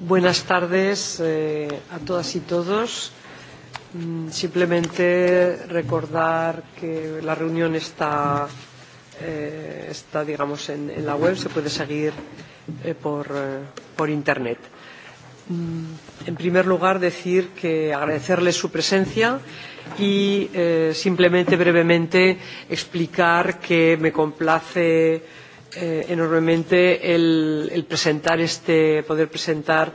Buenas tardes a todas y todos. Simplemente recordar que la reunión está, está digamos, en la web, se puede seguir por Internet. En primer lugar, decir que agradecerles su presencia y simplemente brevemente explicar que me complace enormemente el presentar este poder presentar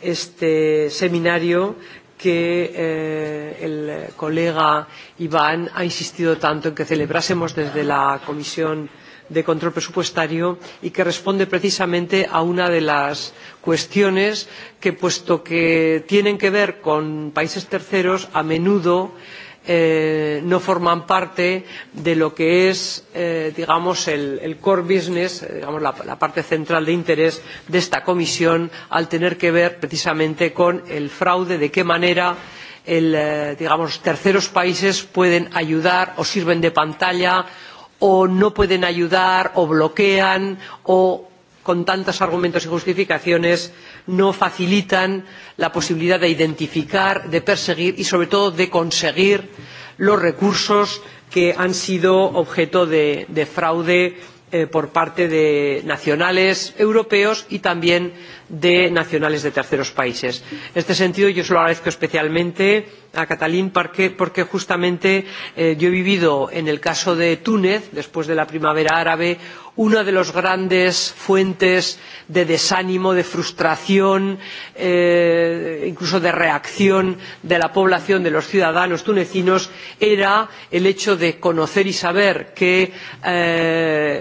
este seminario que el colega Iván ha insistido tanto en que celebrásemos desde la Comisión de Control Presupuestario y que responde precisamente a una de las cuestiones que, puesto que tienen que ver con países terceros, a menudo no forman parte de lo que es digamos el core business digamos la parte central de interés de esta comisión al tener que ver precisamente con el fraude de qué manera digamos terceros países pueden ayudar o sirven de pantalla o no pueden ayudar o bloquean o con tantos argumentos y justificaciones no facilitan la posibilidad de identificar de perseguir y sobre todo de conseguir los recursos que han sido objeto de fraude por parte de nacionales europeos y también de nacionales de terceros países. en este sentido yo se lo agradezco especialmente a Catalín porque justamente yo he vivido en el caso de túnez después de la primavera árabe una de las grandes fuentes de desánimo de frustración incluso de reacción de la población de los ciudadanos tunecinos era el hecho de conocer y saber que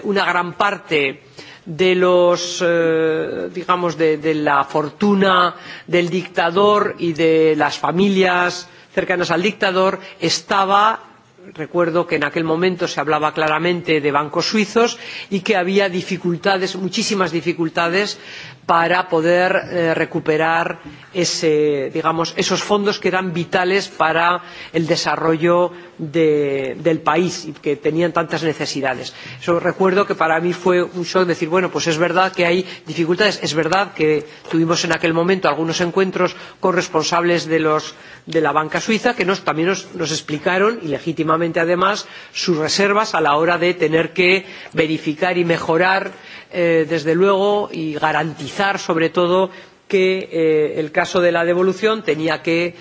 una gran parte de los de la fortuna del dictador y de las familias cercanas al dictador estaba recuerdo que en aquel momento se hablaba claramente de bancos suizos y que había dificultades muchísimas dificultades para poder recuperar esos fondos que eran vitales para el desarrollo del país y que tenían tantas necesidades. recuerdo que para mí fue un shock decir bueno pues es verdad que hay dificultades es verdad que tuvimos en aquel momento algunos encuentros con responsables de la banca suiza que también nos explicaron y legítimamente además sus reservas a la hora de tener que verificar y mejorar desde luego y garantizar sobre todo que el caso de la devolución tenía que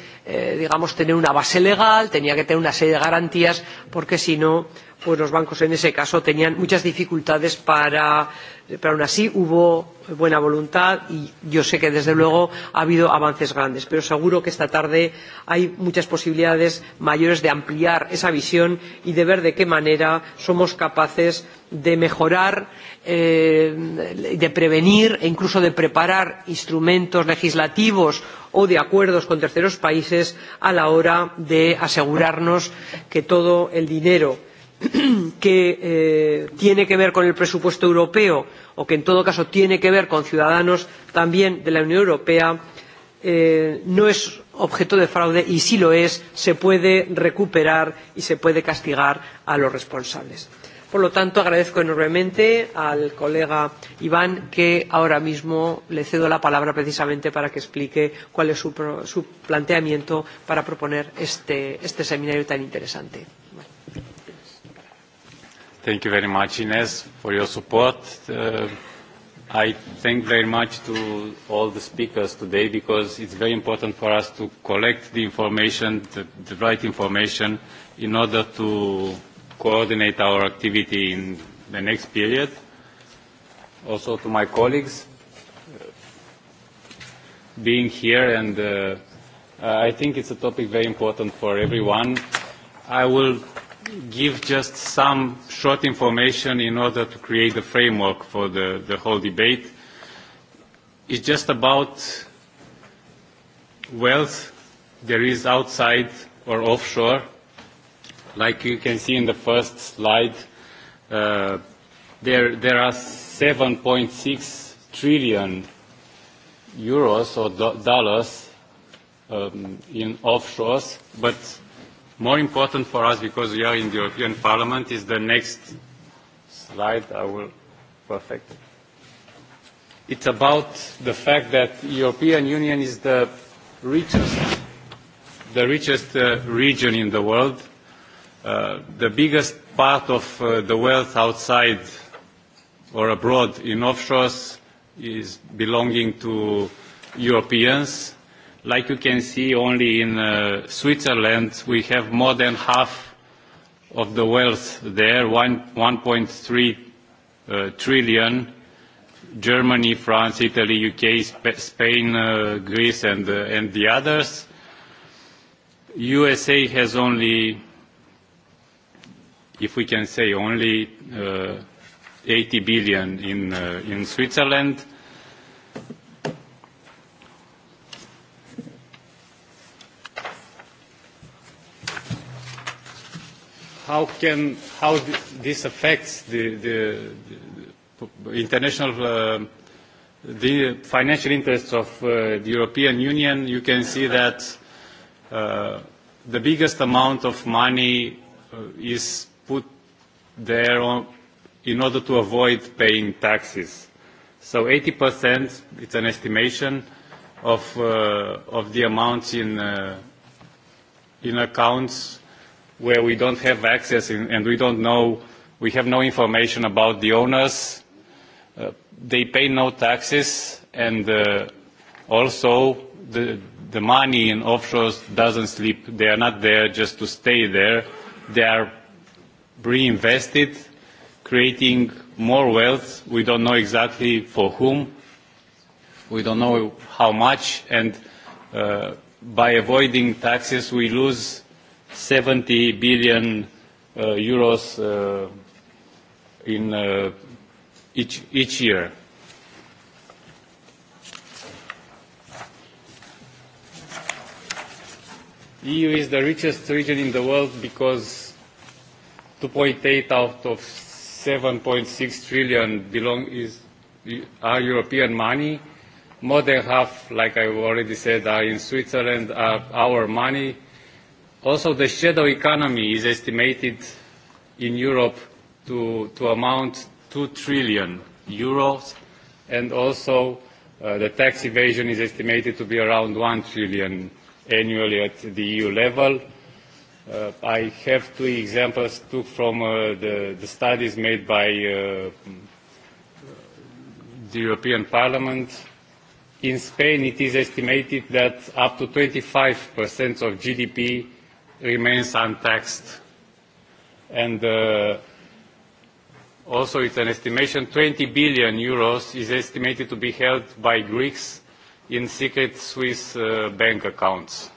digamos tener una base legal tenía que tener una serie de garantías porque si no pues los bancos en ese caso tenían muchas dificultades para pero aún así hubo buena voluntad y yo sé que desde luego ha habido avances grandes pero seguro que esta tarde hay muchas posibilidades mayores de ampliar esa visión y de ver de qué manera somos capaces de mejorar de prevenir e incluso de preparar instrumentos legislativos o de acuerdos con terceros países a la hora de asegurarnos que todo el dinero que tiene que ver con el presupuesto europeo o que en todo caso tiene que ver con ciudadanos también de la Unión Europea no es objeto de fraude y si lo es se puede recuperar y se puede castigar a los responsables. Por lo tanto, agradezco enormemente al colega Iván que ahora mismo le cedo la palabra precisamente para que explique cuál es su planteamiento para proponer este seminario tan interesante. Thank you very much, Ines, for your support. I thank very much to all the speakers today because it's very important for us to collect the information, the right information, in order to coordinate our activity in the next period. Also to my colleagues, being here and I think it's a topic very important for everyone. I will give just some short information in order to create a framework for the, the whole debate. It's just about wealth there is outside or offshore. Like you can see in the first slide, there, there are 7.6 trillion euros or dollars in offshores, but More important for us, because we are in the European Parliament, is the next slide. I will perfect. It's about the fact that the European Union is the richest, the richest region in the world, the biggest part of the wealth outside or abroad in offshores is belonging to Europeans Like you can see, only in Switzerland we have more than half of the wealth there, 1.3 trillion. Germany, France, Italy, UK, Spain, Greece and the others. USA has only, if we can say only, 80 billion in Switzerland how can how this affects the the international the financial interests of the European Union, you can see that the biggest amount of money is put there in order to avoid paying taxes. So 80%, it's an estimation of of the amounts in in accounts where we don't have access and we don't know, we have no information about the owners. They pay no taxes and also the money in offshore doesn't sleep. They are not there just to stay there. They are reinvested, creating more wealth. We don't know exactly for whom. We don't know how much. And by avoiding taxes, we lose 70 billion euros in each year. EU is the richest region in the world because 2.8 out of 7.6 trillion belong is are European money. More than half, like I already said, are in Switzerland, are our money Also, the shadow economy is estimated in Europe to amount 2 trillion euros, and also the tax evasion is estimated to be around 1 trillion annually at the EU level. I have two examples took from the studies made by the European Parliament. In Spain, it is estimated that up to 25% of GDP remains untaxed. And also it's an estimation 20 billion euros is estimated to be held by Greeks in secret Swiss bank accounts.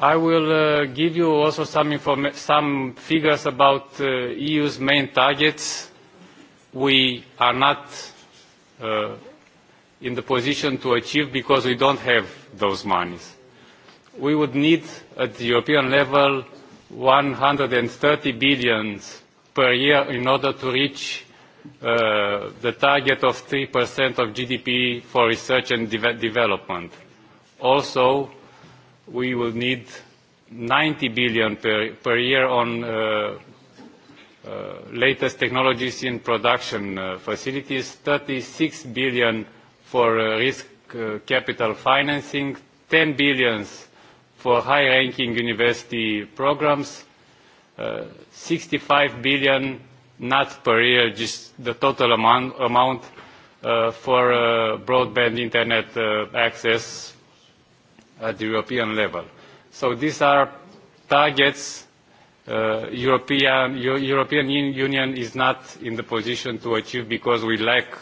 I will give you also some figures about EU's main targets. We are not in the position to achieve because we don't have those monies. We would need at the European level 130 billion per year in order to reach the target of 3% of GDP for research and development. Also, we will need 90 billion per year on latest technologies in production facilities, 36 billion for risk capital financing, 10 billion for high-ranking university programs, 65 billion not per year, just the total amount for broadband internet access at the European level. So these are targets European Union is not in the position to achieve because we lack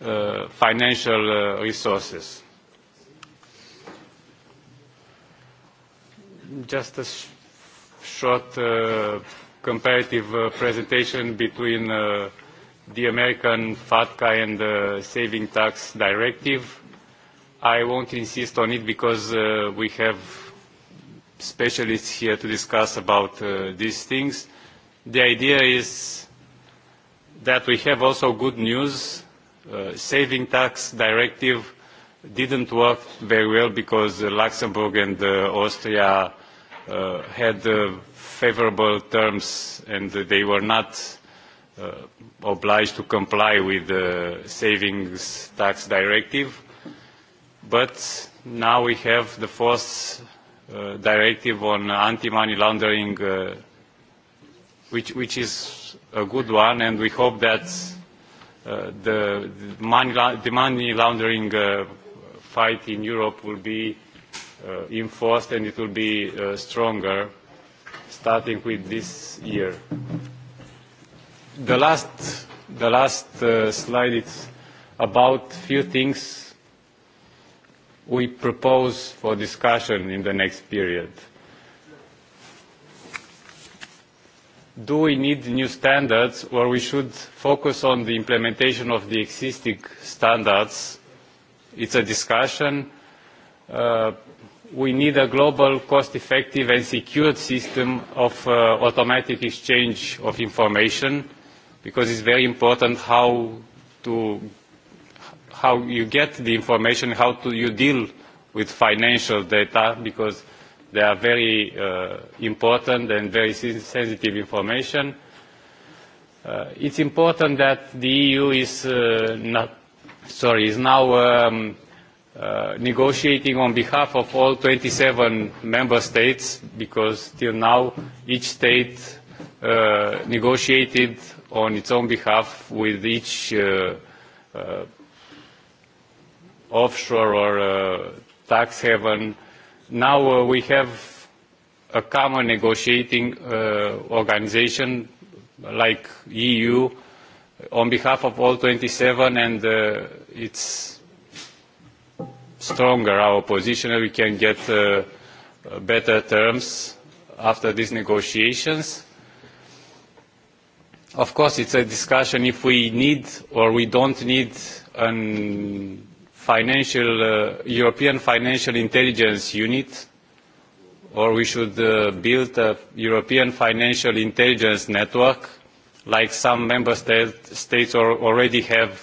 financial resources. Just a short comparative presentation between the American FATCA and the Saving Tax Directive. I won't insist on it because we have specialists here to discuss about these things. The idea is that we have also good news saving tax directive didn't work very well because Luxembourg and Austria had favorable terms and they were not obliged to comply with the savings tax directive. But now we have the fourth directive on anti-money laundering, which is a good one, and we hope that the money laundering fight in Europe will be enforced and it will be stronger starting with this year. The last the last slide is about few things we propose for discussion in the next period. do we need new standards or we should focus on the implementation of the existing standards? It's a discussion. We need a global, cost-effective and secure system of automatic exchange of information because it's very important how to how you get the information, how you deal with financial data because They are very important and very sensitive information. It's important that the EU is not, sorry, is now negotiating on behalf of all 27 member states, because till now each state negotiated on its own behalf with each offshore or tax haven Now we have a common negotiating organization like EU on behalf of all 27 and it's stronger our position and we can get better terms after these negotiations. Of course, it's a discussion if we need or we don't need an European Financial Intelligence Unit, or we should build a European Financial Intelligence Network, like some member states already have,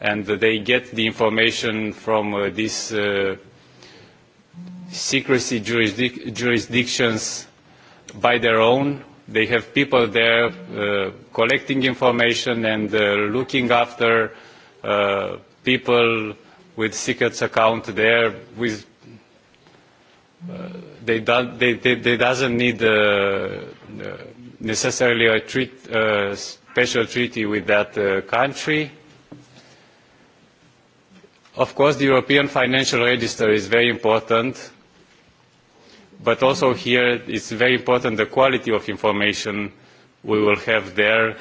and they get the information from these secrecy jurisdictions by their own. They have people there collecting information and looking after people with secrets account there with they doesn't need necessarily a special treaty with that country. Of course, the European Financial Register is very important, but also here it's very important the quality of information we will have there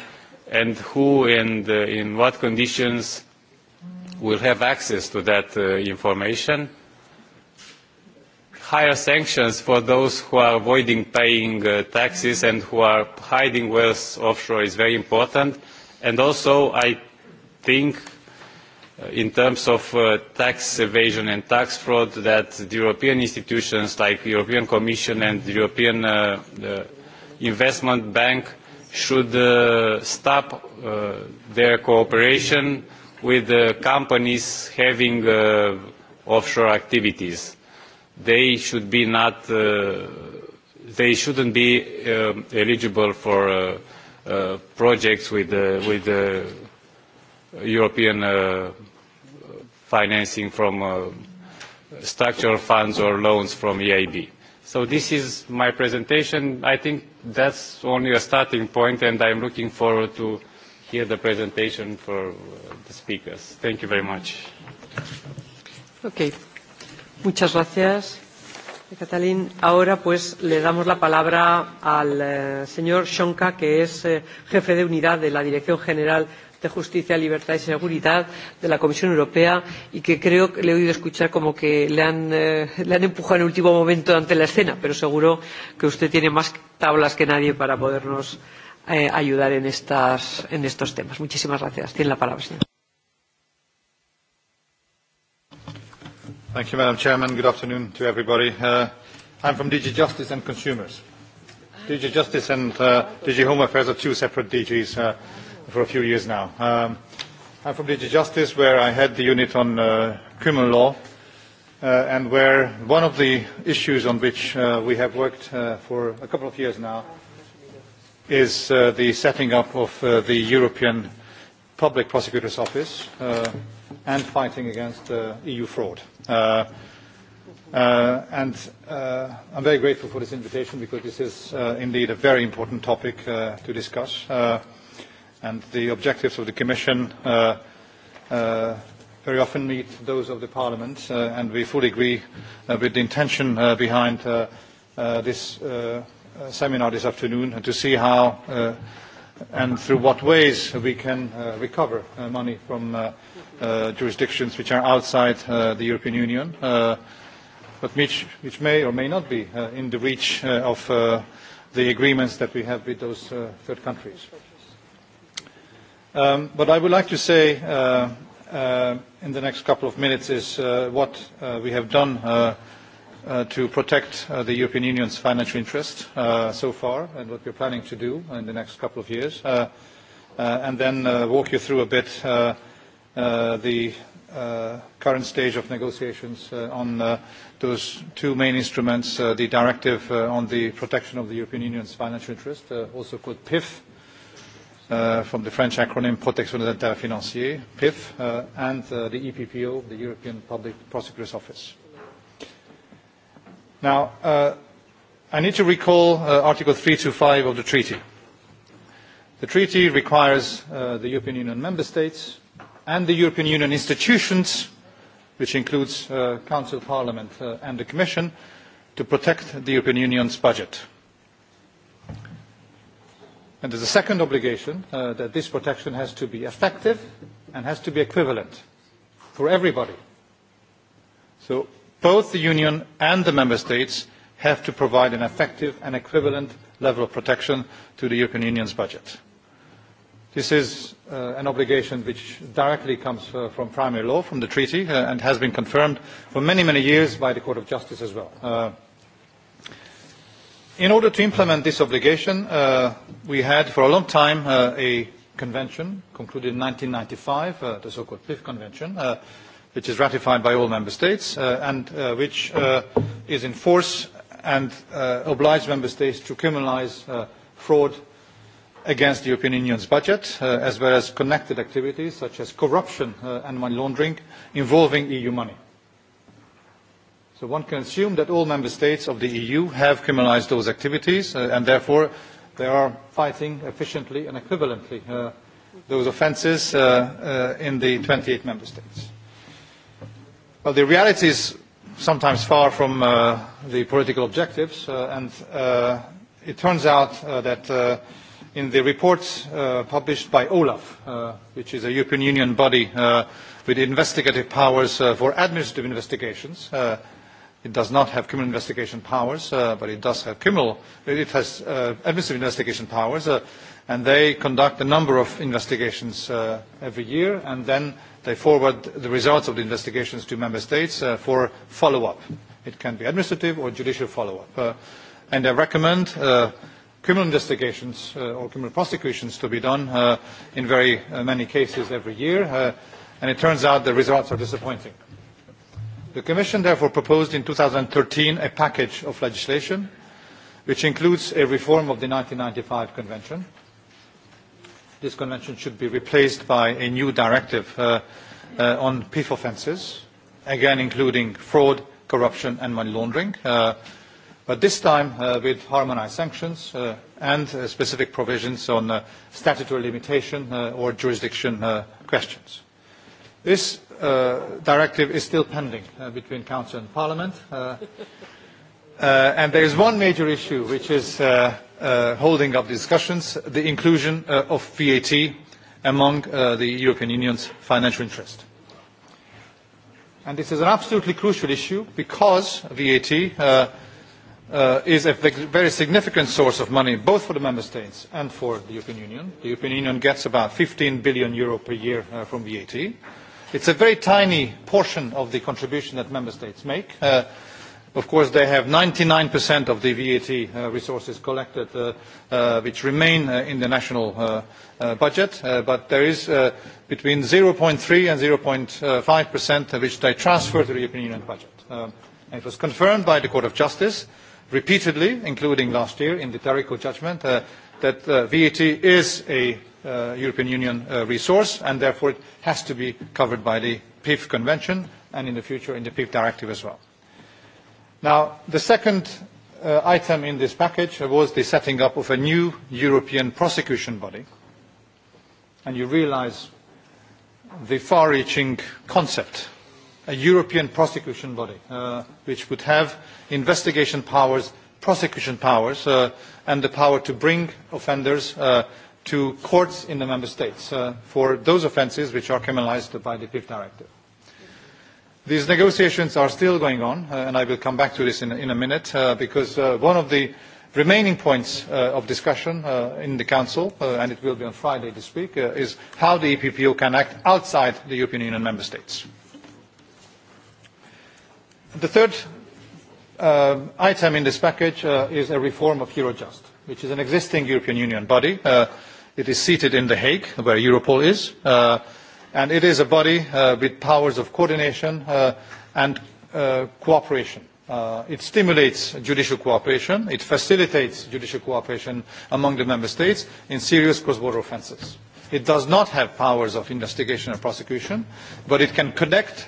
and who and in what conditions will have access to that information. Higher sanctions for those who are avoiding paying taxes and who are hiding wealth offshore is very important. And also, I think, in terms of tax evasion and tax fraud, that the European institutions like the European Commission and the European Investment Bank should stop their cooperation with companies having offshore activities. They should be not, they shouldn't be eligible for projects with with European financing from structural funds or loans from EIB. So this is my presentation. I think that's only a starting point, and I'm looking forward to hear the presentation for the speakers. Thank you very much. Okay. Muchas gracias, Catalín. Ahora, pues, le damos la palabra al señor Shonka, que es jefe de unidad de la Dirección General de Justicia, Libertad y Seguridad de la Comisión Europea y que creo que le he oído escuchar como que le han, le han empujado en el último momento ante la escena, pero seguro que usted tiene más tablas que nadie para podernos ayudar en, estas, en estos temas. Muchísimas gracias. Tiene la palabra, señor. Thank you, Madam Chairman. Good afternoon to everybody. Uh, I'm from DG Justice and Consumers. DG Justice and uh, DG Home Affairs are two separate DGs uh, for a few years now. Um, I'm from DG Justice, where I head the unit on uh, criminal law, uh, and where one of the issues on which uh, we have worked uh, for a couple of years now is the setting up of the European Public Prosecutor's Office and fighting against EU fraud. And I'm very grateful for this invitation because this is indeed a very important topic to discuss. And the objectives of the Commission very often meet those of the Parliament, and we fully agree with the intention behind this seminar this afternoon to see how and through what ways we can recover money from jurisdictions which are outside the European Union, but which may or may not be in the reach of the agreements that we have with those third countries. What I would like to say in the next couple of minutes is what we have done to protect the European Union's financial interest so far and what we're planning to do in the next couple of years, and then walk you through a bit the current stage of negotiations on those two main instruments, the Directive on the Protection of the European Union's Financial Interest, also called PIF, from the French acronym Protection des Intérêts Financiers, PIF, and the EPPO, the European Public Prosecutor's Office. Now, I need to recall Article 325 of the treaty. The treaty requires the European Union member states and the European Union institutions, which includes Council, Parliament and the Commission, to protect the European Union's budget. And there's a second obligation that this protection has to be effective and has to be equivalent for everybody. So both the Union and the Member States have to provide an effective and equivalent level of protection to the European Union's budget. This is an obligation which directly comes from primary law, from the treaty, and has been confirmed for many, many years by the Court of Justice as well. In order to implement this obligation, we had for a long time a convention concluded in 1995, the so-called PIF Convention, which is ratified by all member states and which is in force and obliges member states to criminalise fraud against the European Union's budget, as well as connected activities such as corruption and money laundering involving EU money. So one can assume that all member states of the EU have criminalised those activities and therefore they are fighting efficiently and equivalently those offences in the 28 member states the reality is sometimes far from the political objectives, and it turns out that in the reports published by Olaf, which is a European Union body with investigative powers for administrative investigations, It does not have criminal investigation powers, but it does have criminal, it has administrative investigation powers, and they conduct a number of investigations every year, and then they forward the results of the investigations to member states for follow-up. It can be administrative or judicial follow-up. And I recommend criminal investigations or criminal prosecutions to be done in very many cases every year, and it turns out the results are disappointing. The Commission therefore proposed in 2013 a package of legislation which includes a reform of the 1995 Convention. This convention should be replaced by a new directive on PIF offences, again including fraud, corruption and money laundering, but this time with harmonised sanctions and specific provisions on statutory limitation or jurisdiction questions. This directive is still pending between Council and Parliament. And there is one major issue which is holding up discussions, the inclusion of VAT among the European Union's financial interest. And this is an absolutely crucial issue because VAT is a very significant source of money both for the member states and for the European Union. The European Union gets about 15 billion euro per year from VAT It's a very tiny portion of the contribution that member states make. Of course, they have 99% of the VAT resources collected, which remain in the national budget, but there is between 0.3 and 0.5% which they transfer to the European Union budget. It was confirmed by the Court of Justice repeatedly, including last year in the Tarico judgment, that VAT is a European Union resource, and therefore it has to be covered by the PIF Convention and in the future in the PIF Directive as well. Now, the second item in this package was the setting up of a new European prosecution body, and you realise the far-reaching concept, a European prosecution body, which would have investigation powers, prosecution powers, and the power to bring offenders to courts in the member states for those offences which are criminalised by the PIF directive. These negotiations are still going on, and I will come back to this in a minute, because one of the remaining points of discussion in the Council, and it will be on Friday this week, is how the EPPO can act outside the European Union member states. The third item in this package is a reform of Eurojust, which is an existing European Union body It is seated in The Hague, where Europol is, and it is a body with powers of coordination and cooperation. It stimulates judicial cooperation. It facilitates judicial cooperation among the member states in serious cross-border offences. It does not have powers of investigation and prosecution, but it can connect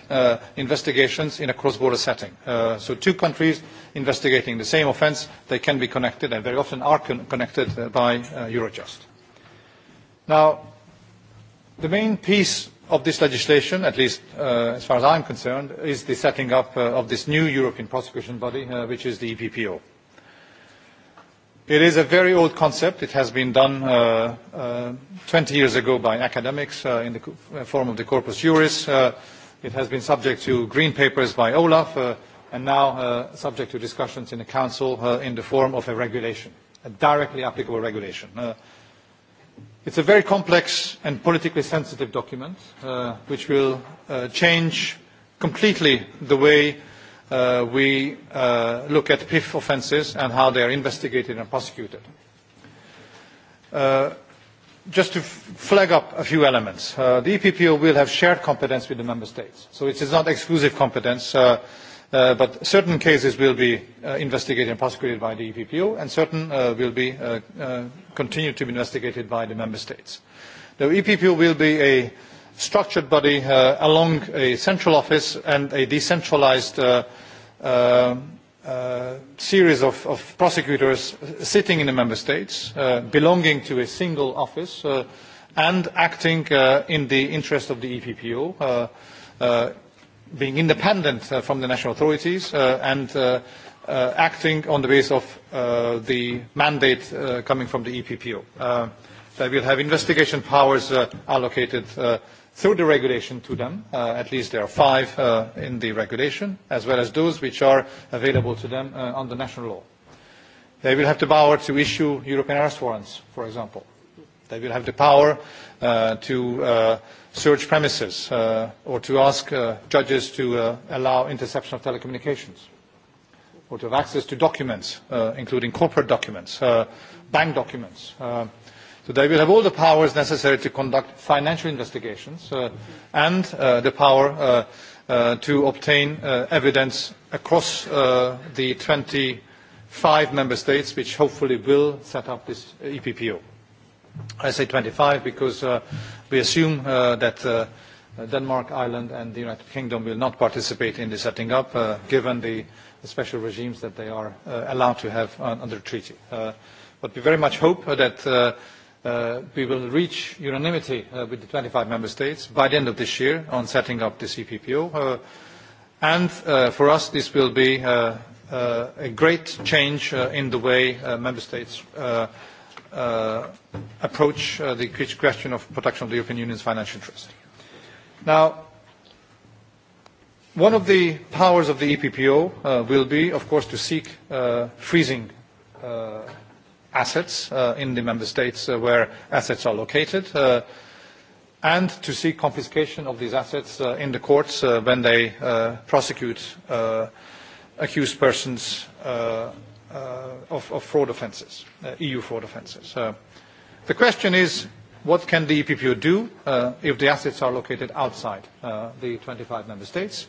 investigations in a cross-border setting. So two countries investigating the same offence, they can be connected and very often are connected by Eurojust. Now, the main piece of this legislation, at least as far as I'm concerned, is the setting up of this new European prosecution body, which is the EPPO. It is a very old concept. It has been done 20 years ago by academics in the form of the Corpus Juris. It has been subject to green papers by Olaf and now subject to discussions in the Council in the form of a regulation, a directly applicable regulation. It's a very complex and politically sensitive document, which will change completely the way we look at PIF offences and how they are investigated and prosecuted. Just to flag up a few elements, the EPPO will have shared competence with the member states, so it is not exclusive competence. But certain cases will be investigated and prosecuted by the EPPO, and certain will be continue to be investigated by the member states. The EPPO will be a structured body along a central office and a decentralized series of prosecutors sitting in the member states, belonging to a single office, and acting in the interest of the EPPO being independent from the national authorities and acting on the basis of the mandate coming from the EPPO. They will have investigation powers allocated through the regulation to them. At least there are five in the regulation, as well as those which are available to them under national law. They will have the power to issue European arrest warrants, for example. They will have the power to search premises or to ask judges to allow interception of telecommunications or to have access to documents, including corporate documents, bank documents. So they will have all the powers necessary to conduct financial investigations and the power to obtain evidence across the 25 member states, which hopefully will set up this EPPO. I say 25 because We assume that Denmark, Ireland and the United Kingdom will not participate in the setting up, given the special regimes that they are allowed to have under the treaty. But we very much hope that we will reach unanimity with the 25 member states by the end of this year on setting up the CPPO. And for us, this will be a great change in the way member states approach the question of protection of the European Union's financial interest. Now, one of the powers of the EPPO will be, of course, to seek freezing assets in the member states where assets are located and to seek confiscation of these assets in the courts when they prosecute accused persons of fraud offences, EU fraud offences. The question is, what can the EPPO do if the assets are located outside the 25 member states?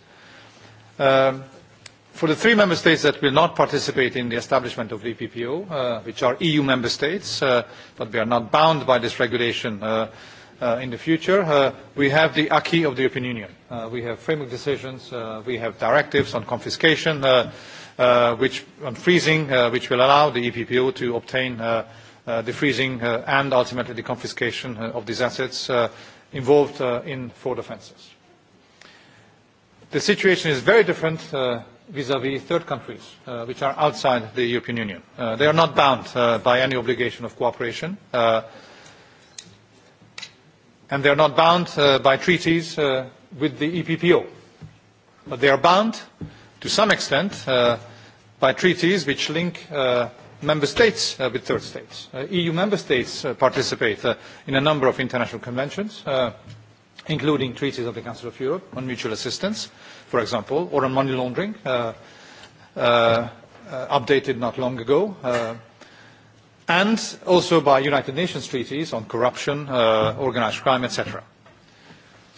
For the three member states that will not participate in the establishment of the EPPO, which are EU member states, but we are not bound by this regulation in the future, we have the acquis of the European Union. We have framework decisions, we have directives on confiscation, which on freezing, which will allow the EPPO to obtain the freezing and ultimately the confiscation of these assets involved in fraud offences. The situation is very different vis-à-vis third countries, which are outside the European Union. They are not bound by any obligation of cooperation, and they are not bound by treaties with the EPPO. But they are bound, to some extent, by treaties which link member states with third states. EU member states participate in a number of international conventions, including treaties of the Council of Europe on mutual assistance, for example, or on money laundering, updated not long ago, and also by United Nations treaties on corruption, organized crime, etc.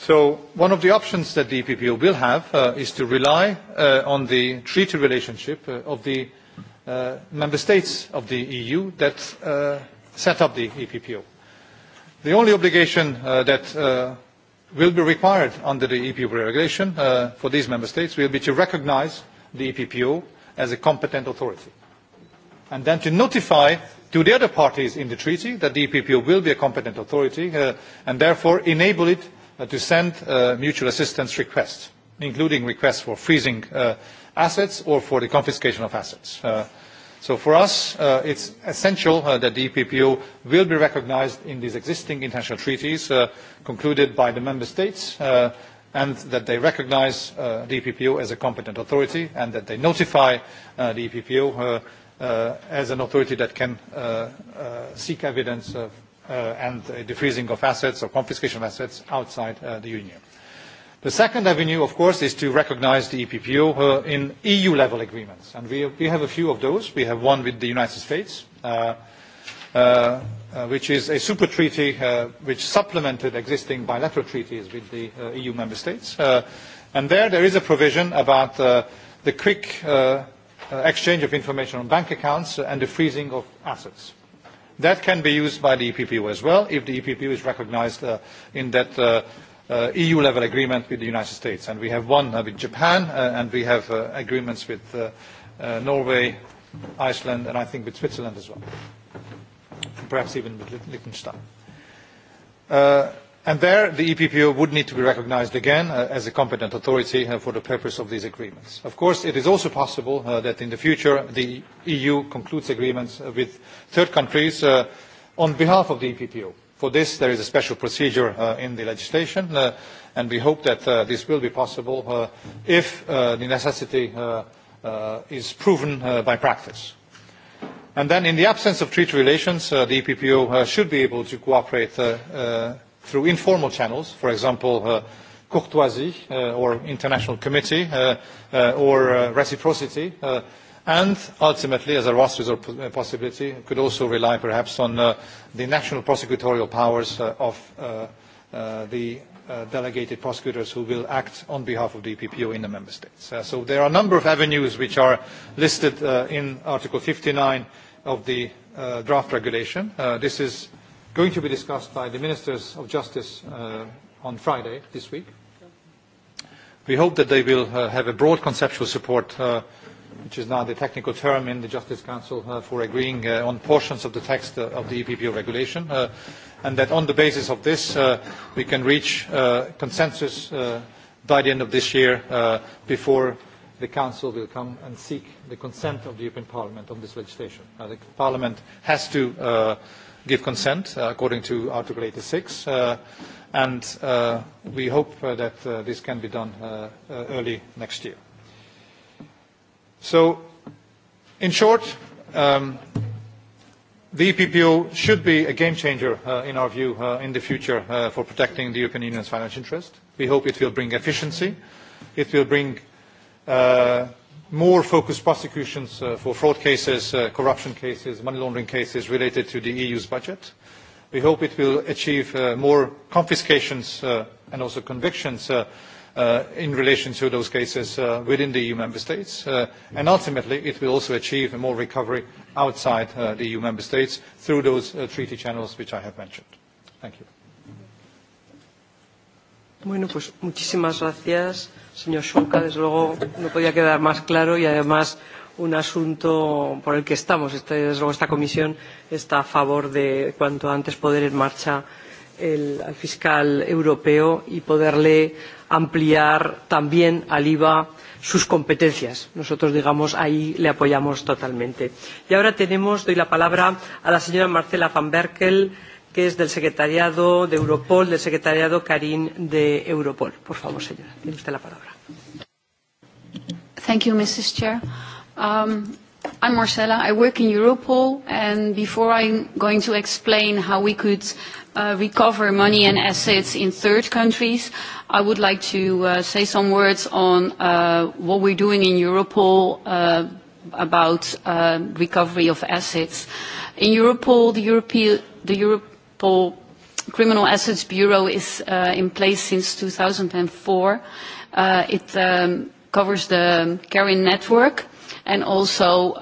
So one of the options that the EPPO will have is to rely on the treaty relationship of the member states of the EU that set up the EPPO. The only obligation that will be required under the EPPO regulation for these member states will be to recognise the EPPO as a competent authority and then to notify to the other parties in the treaty that the EPPO will be a competent authority and therefore enable it to send mutual assistance requests, including requests for freezing assets or for the confiscation of assets. So for us, it's essential that the EPPO will be recognized in these existing international treaties concluded by the member states and that they recognize the EPPO as a competent authority and that they notify the EPPO as an authority that can seek evidence and the freezing of assets or confiscation of assets outside the Union. The second avenue, of course, is to recognize the EPPO in EU-level agreements, and we have a few of those. We have one with the United States, which is a super treaty which supplemented existing bilateral treaties with the EU member states. And there, there is a provision about the quick exchange of information on bank accounts and the freezing of assets. That can be used by the EPPU as well, if the EPPU is recognized in that EU-level agreement with the United States. And we have one with Japan, and we have agreements with Norway, Iceland, and I think with Switzerland as well, and perhaps even with Liechtenstein. And there, the EPPO would need to be recognised again as a competent authority for the purpose of these agreements. Of course, it is also possible that in the future the EU concludes agreements with third countries on behalf of the EPPO. For this, there is a special procedure in the legislation, and we hope that this will be possible if the necessity is proven by practice. And then, in the absence of treaty relations, the EPPO should be able to cooperate through informal channels, for example, courtoisie or international committee or reciprocity, and ultimately, as a last resort possibility, could also rely perhaps on the national prosecutorial powers of the delegated prosecutors who will act on behalf of the EPPO in the member states. So there are a number of avenues which are listed in Article 59 of the draft regulation. This is going to be discussed by the Ministers of Justice on Friday this week. We hope that they will have a broad conceptual support, which is now the technical term in the Justice Council, for agreeing on portions of the text of the EPPO regulation, and that on the basis of this we can reach consensus by the end of this year before the Council will come and seek the consent of the European Parliament on this legislation. The Parliament has to give consent according to Article 86, and we hope that this can be done early next year. So, in short, the EPPO should be a game changer, in our view, in the future for protecting the European Union's financial interest. We hope it will bring efficiency, it will bring more focused prosecutions for fraud cases, corruption cases, money laundering cases related to the EU's budget. We hope it will achieve more confiscations and also convictions in relation to those cases within the EU member states. And ultimately, it will also achieve more recovery outside the EU member states through those treaty channels which I have mentioned. Thank you. Bueno, pues muchísimas gracias, señor Schulka. Desde luego no podía quedar más claro y además un asunto por el que estamos. Desde luego esta comisión está a favor de cuanto antes poder en marcha al fiscal europeo y poderle ampliar también al IVA sus competencias. Nosotros, digamos, ahí le apoyamos totalmente. Y ahora tenemos, doy la palabra a la señora Marcela van Berkel que es del secretariado de Europol, del secretariado Karim de Europol. Por favor, señora, tiene usted la palabra. Thank you, Mrs. Chair. Um, I'm Marcela. I work in Europol, and before I'm going to explain how we could recover money and assets in third countries, I would like to say some words on what we're doing in Europol about recovery of assets. In Europol, the European Europol Criminal Assets Bureau is in place since 2004. It covers the CARIN network and also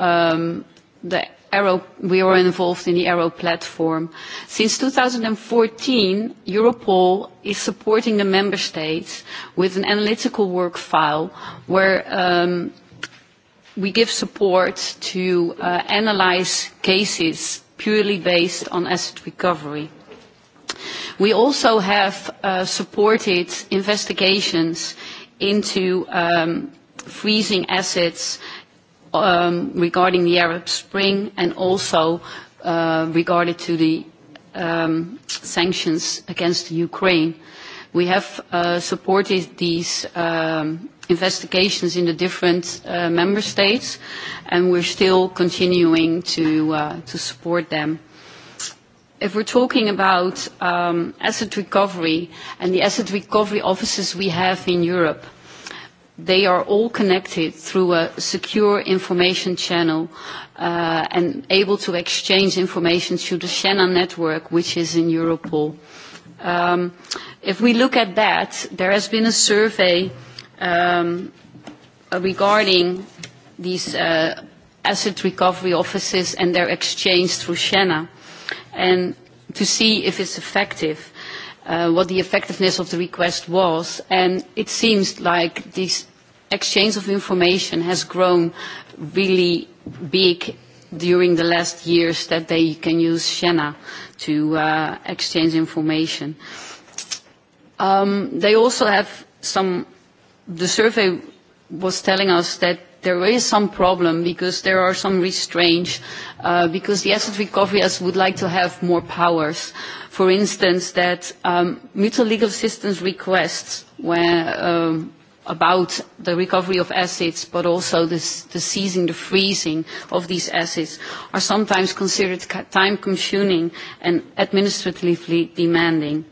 the Aero, we were involved in the Aero platform. Since 2014, Europol is supporting the member states with an analytical work file where we give support to analyze cases purely based on asset recovery. We also have supported investigations into freezing assets regarding the Arab Spring and also regarding to the sanctions against Ukraine. We have supported these investigations in the different member states, and we're still continuing to support them. If we're talking about asset recovery and the asset recovery offices we have in Europe, they are all connected through a secure information channel and able to exchange information through the Schengen network, which is in Europol. If we look at that, there has been a survey regarding these asset recovery offices and their exchange through Shenna, and to see if it's effective, what the effectiveness of the request was. And it seems like this exchange of information has grown really big during the last years that they can use Shena to exchange information. They also have some, the survey was telling us that there is some problem because there are some restraints because the asset recovery would like to have more powers. For instance, that mutual legal assistance requests when about the recovery of assets, but also the seizing, the freezing of these assets, are sometimes considered time-consuming and administratively demanding.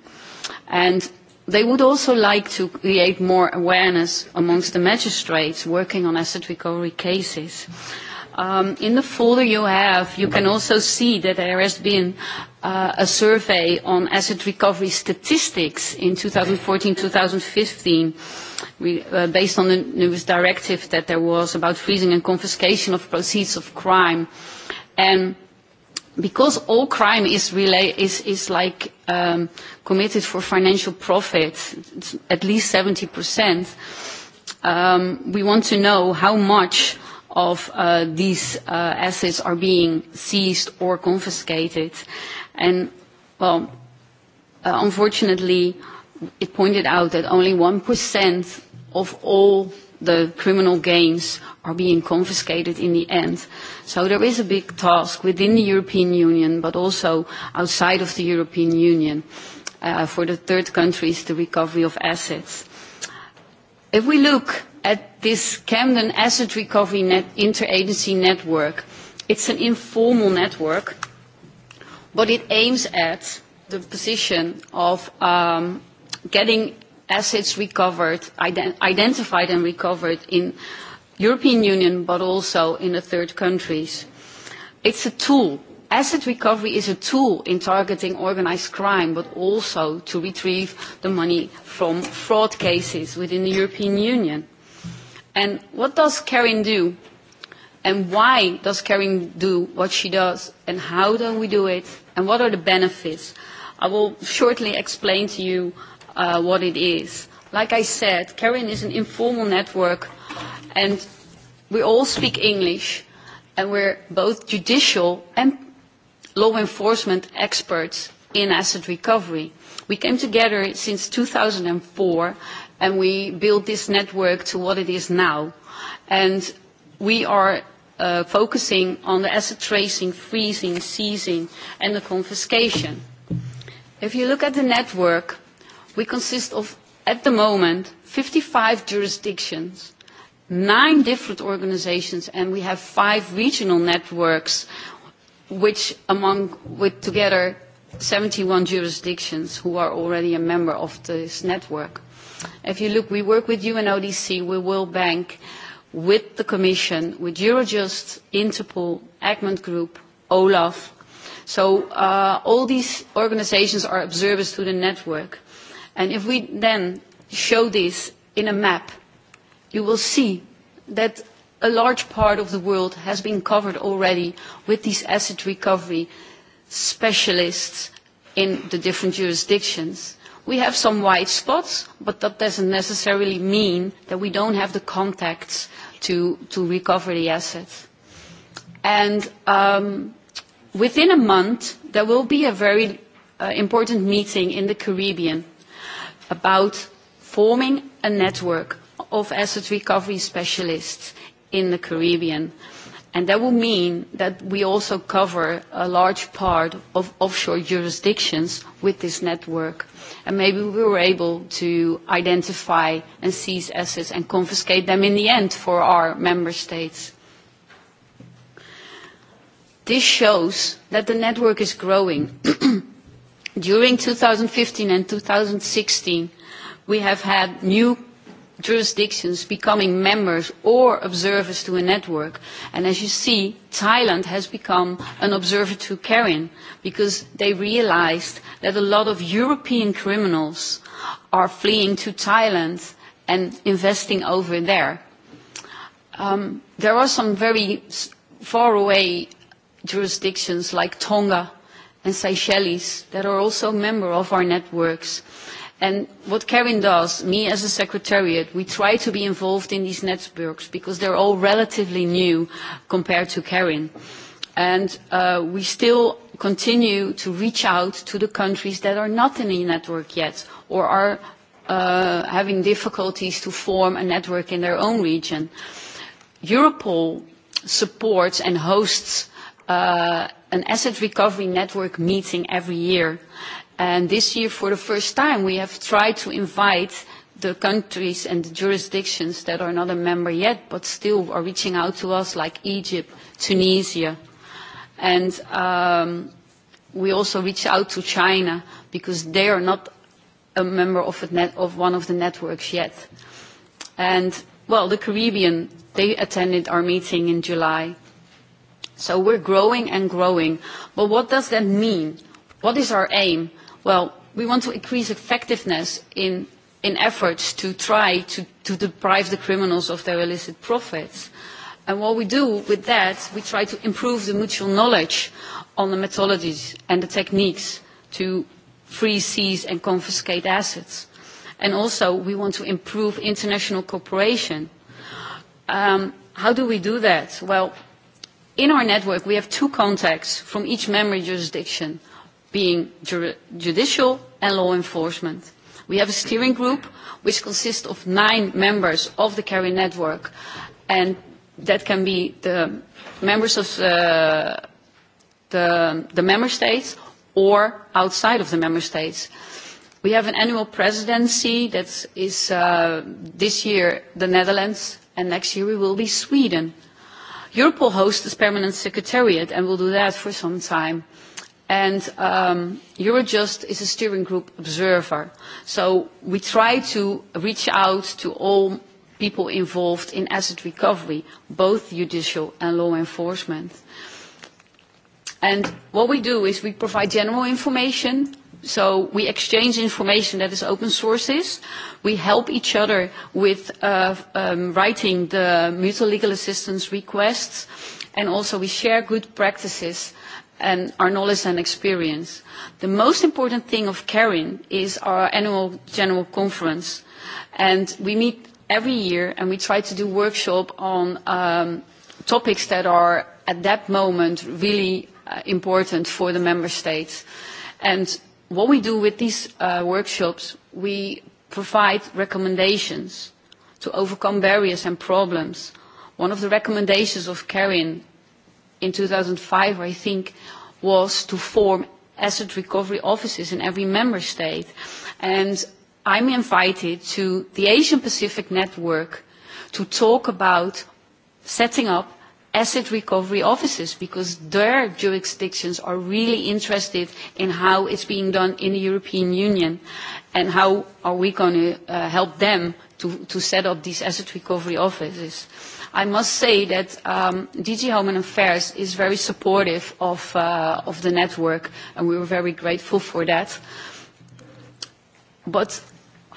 And they would also like to create more awareness amongst the magistrates working on asset recovery cases. In the folder you have, you can also see that there has been a survey on asset recovery statistics in 2014-2015 based on the newest directive that there was about freezing and confiscation of proceeds of crime. And because all crime is is like committed for financial profit, at least 70%, we want to know how much of these assets are being seized or confiscated. And, well, unfortunately, it pointed out that only 1% of all the criminal gains are being confiscated in the end. So there is a big task within the European Union, but also outside of the European Union, for the third countries, the recovery of assets. If we look at this Camden Asset Recovery Interagency Network, it's an informal network, but it aims at the position of getting assets recovered, identified and recovered in European Union, but also in the third countries. It's a tool. Asset recovery is a tool in targeting organised crime, but also to retrieve the money from fraud cases within the European Union. And what does Karin do? And why does Karin do what she does? And how do we do it? And what are the benefits? I will shortly explain to you what it is. Like I said, Karen is an informal network and we all speak English and we're both judicial and law enforcement experts in asset recovery. We came together since 2004 and we built this network to what it is now. And we are focusing on the asset tracing, freezing, seizing and the confiscation. If you look at the network, we consist of, at the moment, 55 jurisdictions, nine different organisations and we have five regional networks, which among, with together 71 jurisdictions who are already a member of this network. If you look, we work with UNODC, with World Bank, with the Commission, with Eurojust, Interpol, Egmont Group, Olaf. So all these organisations are observers to the network. And if we then show this in a map, you will see that a large part of the world has been covered already with these asset recovery specialists in the different jurisdictions. We have some white spots, but that doesn't necessarily mean that we don't have the contacts to recover the assets. And within a month, there will be a very important meeting in the Caribbean about forming a network of asset recovery specialists in the Caribbean. And that will mean that we also cover a large part of offshore jurisdictions with this network. And maybe we were able to identify and seize assets and confiscate them in the end for our member states. This shows that the network is growing During 2015 and 2016, we have had new jurisdictions becoming members or observers to a network. And as you see, Thailand has become an observer to Karen because they realized that a lot of European criminals are fleeing to Thailand and investing over there. There are some very far away jurisdictions like Tonga and Seychelles that are also a member of our networks. And what Karen does, me as a secretariat, we try to be involved in these networks because they're all relatively new compared to Karen. And we still continue to reach out to the countries that are not in the network yet or are having difficulties to form a network in their own region. Europol supports and hosts an asset recovery network meeting every year. And this year, for the first time, we have tried to invite the countries and the jurisdictions that are not a member yet, but still are reaching out to us, like Egypt, Tunisia. And we also reach out to China, because they are not a member of one of the networks yet. And, well, the Caribbean, they attended our meeting in July. So we're growing and growing. But what does that mean? What is our aim? Well, we want to increase effectiveness in efforts to try to deprive the criminals of their illicit profits. And what we do with that, we try to improve the mutual knowledge on the methodologies and the techniques to free, seize and confiscate assets. And also we want to improve international cooperation. How do we do that? Well, in our network, we have two contacts from each member jurisdiction, being judicial and law enforcement. We have a steering group which consists of nine members of the carry network, and that can be the members of the member states or outside of the member states. We have an annual presidency that is this year the Netherlands, and next year we will be Sweden. Europol hosts this permanent secretariat and will do that for some time. And Eurojust is a steering group observer. So we try to reach out to all people involved in asset recovery, both judicial and law enforcement. And what we do is we provide general information So we exchange information that is open sources. We help each other with writing the mutual legal assistance requests, and also we share good practices and our knowledge and experience. The most important thing of CARIN is our annual general conference, and we meet every year and we try to do workshop on topics that are at that moment really important for the member states. And What we do with these workshops, we provide recommendations to overcome barriers and problems. One of the recommendations of Karin in 2005, I think, was to form asset recovery offices in every member state. And I'm invited to the Asian Pacific Network to talk about setting up asset recovery offices because their jurisdictions are really interested in how it's being done in the European Union and how are we going to help them to set up these asset recovery offices. I must say that DG Home and Affairs is very supportive of the network and we were very grateful for that. But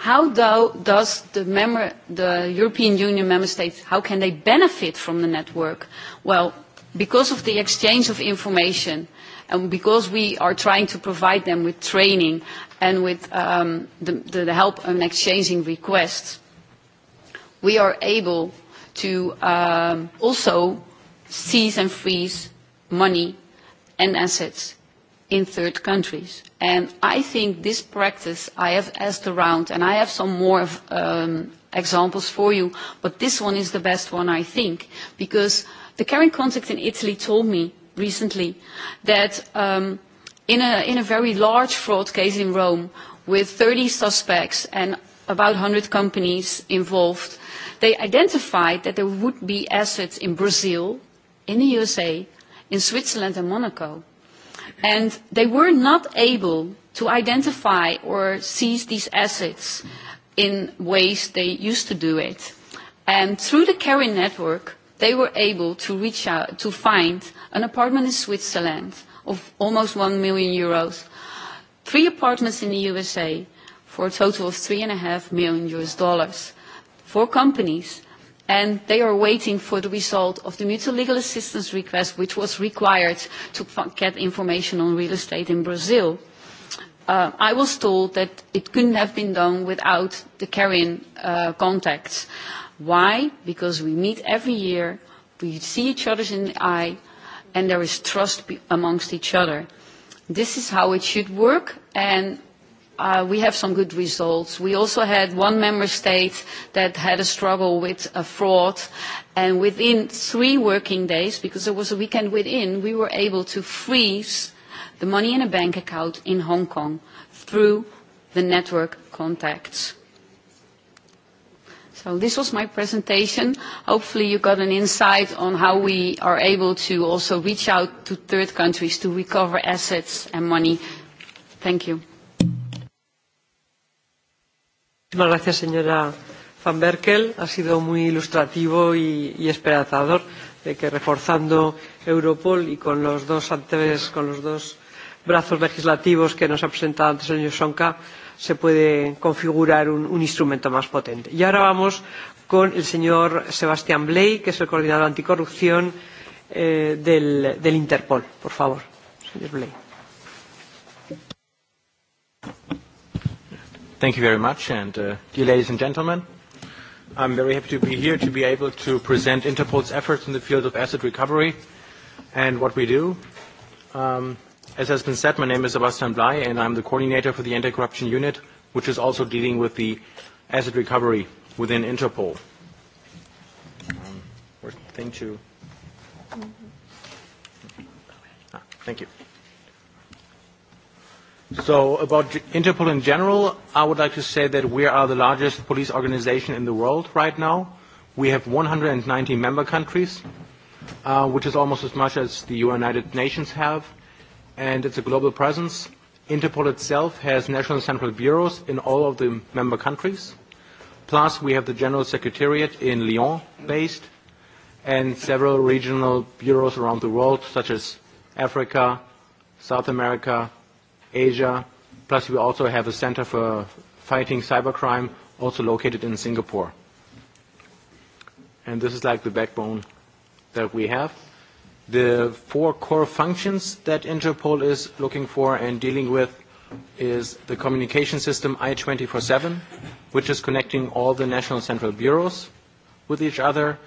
how does the European Union member states, how can they benefit from the network? Well, because of the exchange of information and because we are trying to provide them with training and with the help and exchanging requests, we are able to also seize and freeze money and assets in third countries. And I think this practice I have asked around, and I have some more examples for you, but this one is the best one, I think, because the current contact in Italy told me recently that in a very large fraud case in Rome with 30 suspects and about 100 companies involved, they identified that there would be assets in Brazil, in the USA, in Switzerland and Monaco and they were not able to identify or seize these assets in ways they used to do it. And through the carry network, they were able to reach out to find an apartment in Switzerland of almost 1 million euros, three apartments in the USA for a total of three and a half million US dollars four companies and they are waiting for the result of the mutual legal assistance request which was required to get information on real estate in Brazil. I was told that it couldn't have been done without the carrying contacts. Why? Because we meet every year, we see each other in the eye, and there is trust amongst each other. This is how it should work, and we have some good results. We also had one member state that had a struggle with a fraud, and within three working days, because there was a weekend within, we were able to freeze the money in a bank account in Hong Kong through the network contacts. So this was my presentation. Hopefully you got an insight on how we are able to also reach out to third countries to recover assets and money. Thank you. Gracias, señora Van Berkel. Ha sido muy ilustrativo y, esperanzador de que reforzando Europol y con los dos antes, con los dos brazos legislativos que nos ha presentado antes el señor Sonka, se puede configurar un, instrumento más potente. Y ahora vamos con el señor Sebastián Bley, que es el coordinador anticorrupción del, del Interpol. Por favor, señor Bley. Thank you very much. And dear ladies and gentlemen, I'm very happy to be here to be able to present Interpol's efforts in the field of asset recovery and what we do. Um As has been said, my name is Sebastian Bly, and I'm the coordinator for the Anti-Corruption Unit, which is also dealing with the asset recovery within Interpol. Thank Thank you. So about Interpol in general, I would like to say that we are the largest police organization in the world right now. We have 190 member countries, which is almost as much as the United Nations have, and it's a global presence. Interpol itself has national central bureaus in all of the member countries. Plus, we have the General Secretariat in Lyon based, and several regional bureaus around the world, such as Africa, South America, Asia. Plus, we also have a center for fighting cybercrime, also located in Singapore. And this is like the backbone that we have. The four core functions that Interpol is looking for and dealing with is the communication system I-24-7, which is connecting all the national central bureaus with each other,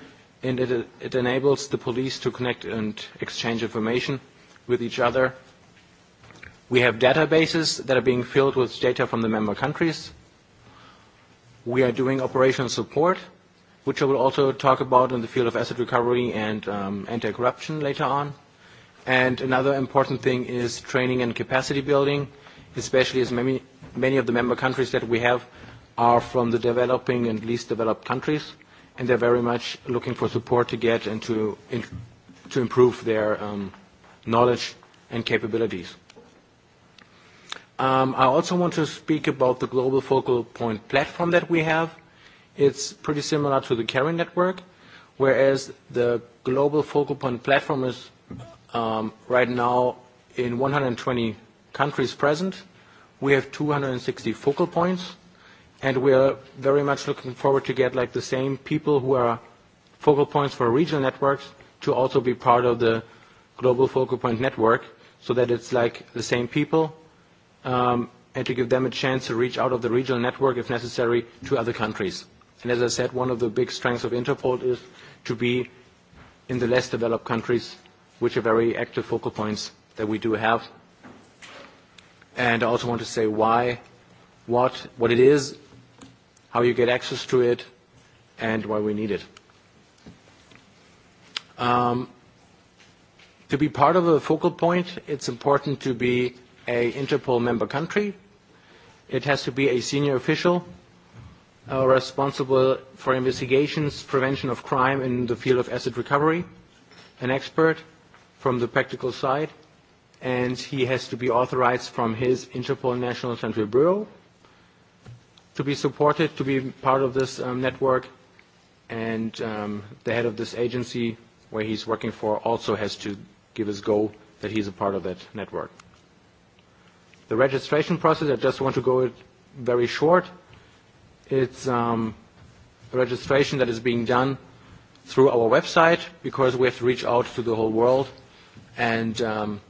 and it enables the police to connect and exchange information with each other We have databases that are being filled with data from the member countries. We are doing operational support, which I will also talk about in the field of asset recovery and anti-corruption later on. And another important thing is training and capacity building, especially as many of the member countries that we have are from the developing and least developed countries, and they're very much looking for support to get and to improve their knowledge and capabilities. I also want to speak about the global focal point platform that we have. It's pretty similar to the CARI network, whereas the global focal point platform is right now in 120 countries present. We have 260 focal points, and we are very much looking forward to get like the same people who are focal points for regional networks to also be part of the global focal point network so that it's like the same people and to give them a chance to reach out of the regional network, if necessary, to other countries. And as I said, one of the big strengths of Interpol is to be in the less developed countries, which are very active focal points that we do have. And I also want to say why, what, what it is, how you get access to it, and why we need it. To be part of a focal point, it's important to be a Interpol member country. It has to be a senior official responsible for investigations, prevention of crime in the field of asset recovery, an expert from the practical side, and he has to be authorized from his Interpol National Central Bureau to be supported, to be part of this network, and the head of this agency where he's working for also has to give his go that he's a part of that network. The registration process, I just want to go it very short. It's um, a registration that is being done through our website because we have to reach out to the whole world and um,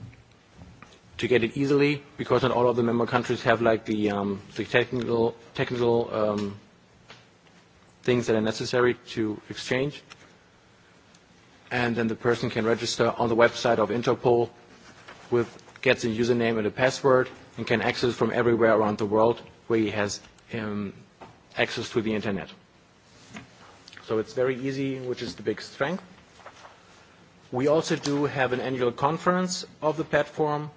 to get it easily because not all of the member countries have like the, um, the technical, technical um, things that are necessary to exchange. And then the person can register on the website of Interpol with gets a username and a password and can access from everywhere around the world where he has access to the internet. So it's very easy, which is the big strength. We also do have an annual conference of the platform.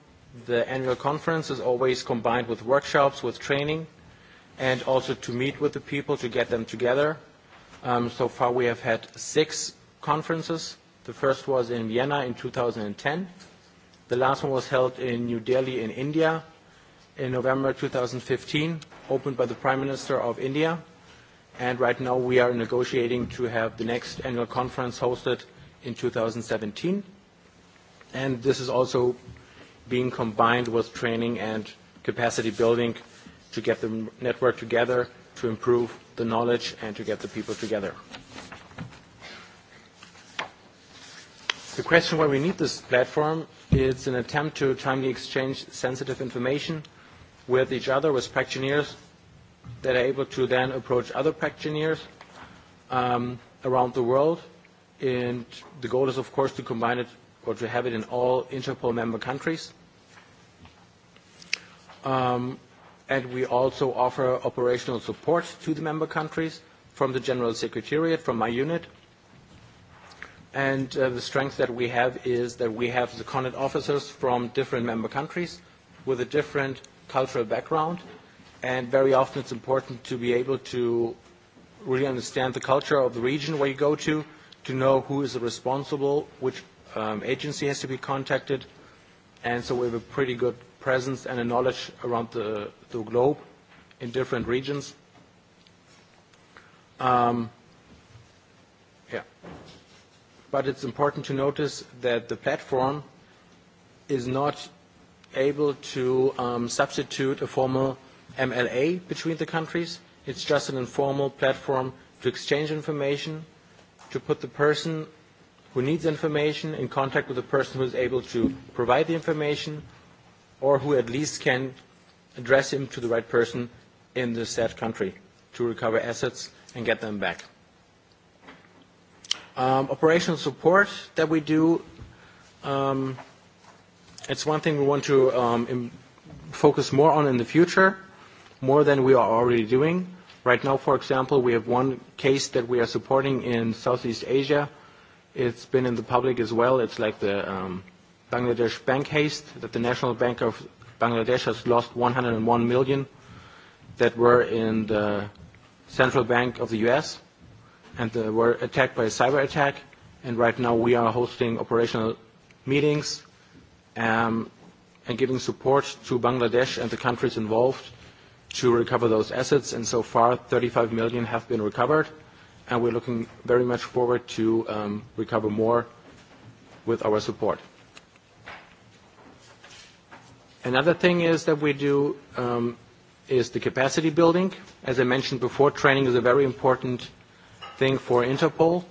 The annual conference is always combined with workshops, with training, and also to meet with the people, to get them together. So far we have had six conferences. The first was in Vienna in 2010. The last one was held in New Delhi in India in November 2015, opened by the Prime Minister of India. And right now we are negotiating to have the next annual conference hosted in 2017. And this is also being combined with training and capacity building to get the network together, to improve the knowledge, and to get the people together. The question why we need this platform is an attempt to timely exchange sensitive information with each other, with practitioners that are able to then approach other practitioners um, around the world. And the goal is, of course, to combine it or to have it in all Interpol member countries. Um, and we also offer operational support to the member countries from the General Secretariat, from my unit. And the strength that we have is that we have the Connet officers from different member countries with a different cultural background, and very often it's important to be able to really understand the culture of the region where you go to, to know who is responsible, which agency has to be contacted, and so we have a pretty good presence and a knowledge around the globe in different regions. Yeah. But it's important to notice that the platform is not able to substitute a formal MLA between the countries. It's just an informal platform to exchange information, to put the person who needs information in contact with the person who is able to provide the information, or who at least can address him to the right person in the said country to recover assets and get them back. Operational support that we do It's one thing we want to focus more on in the future, more than we are already doing. Right now, for example, we have one case that we are supporting in Southeast Asia. It's been in the public as well. It's like the Bangladesh bank haste that the National Bank of Bangladesh has lost 101 million that were in the Central Bank of the U.S. and were attacked by a cyber attack. And right now we are hosting operational meetings and giving support to Bangladesh and the countries involved to recover those assets. And so far, 35 million have been recovered, and we're looking very much forward to recover more with our support. Another thing is that we do is the capacity building. As I mentioned before, training is a very important thing for Interpol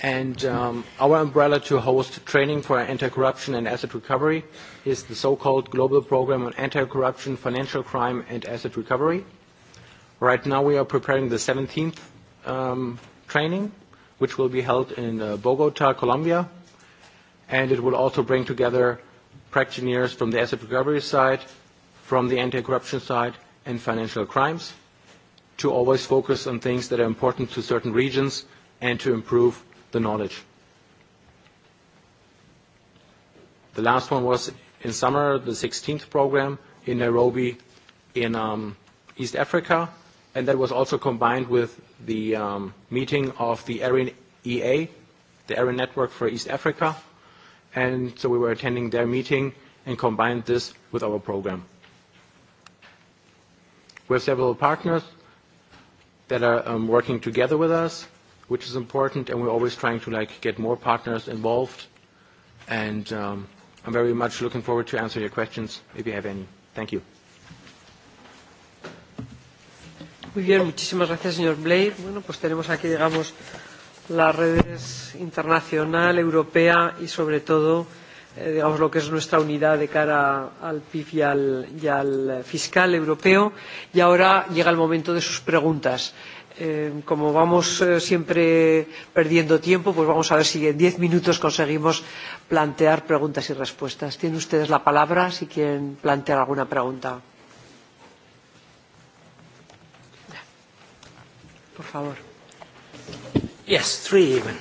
And our umbrella to host training for anti-corruption and asset recovery is the so-called Global Program on Anti-Corruption, Financial Crime and Asset Recovery. Right now we are preparing the 17th training, which will be held in Bogota, Colombia, and it will also bring together practitioners from the asset recovery side, from the anti-corruption side, and financial crimes, to always focus on things that are important to certain regions and to improve the knowledge. The last one was in summer, the 16th program in Nairobi in East Africa, and that was also combined with the meeting of the ARIN EA, the ARIN Network for East Africa, and so we were attending their meeting and combined this with our program. We have several partners that are working together with us, which is important, and we're always trying to like get more partners involved. And um, I'm very much looking forward to answer your questions if you have any. Thank you. Muy bien, muchísimas gracias, señor Blair. Bueno, pues tenemos aquí, digamos, las redes internacional, europea y, sobre todo, digamos, lo que es nuestra unidad de cara al PIB y al, y al fiscal europeo. Y ahora llega el momento de sus preguntas como vamos siempre perdiendo tiempo, pues vamos a ver si en diez minutos conseguimos plantear preguntas y respuestas. Tienen ustedes la palabra si quieren plantear alguna pregunta. Por favor. Yes, three even.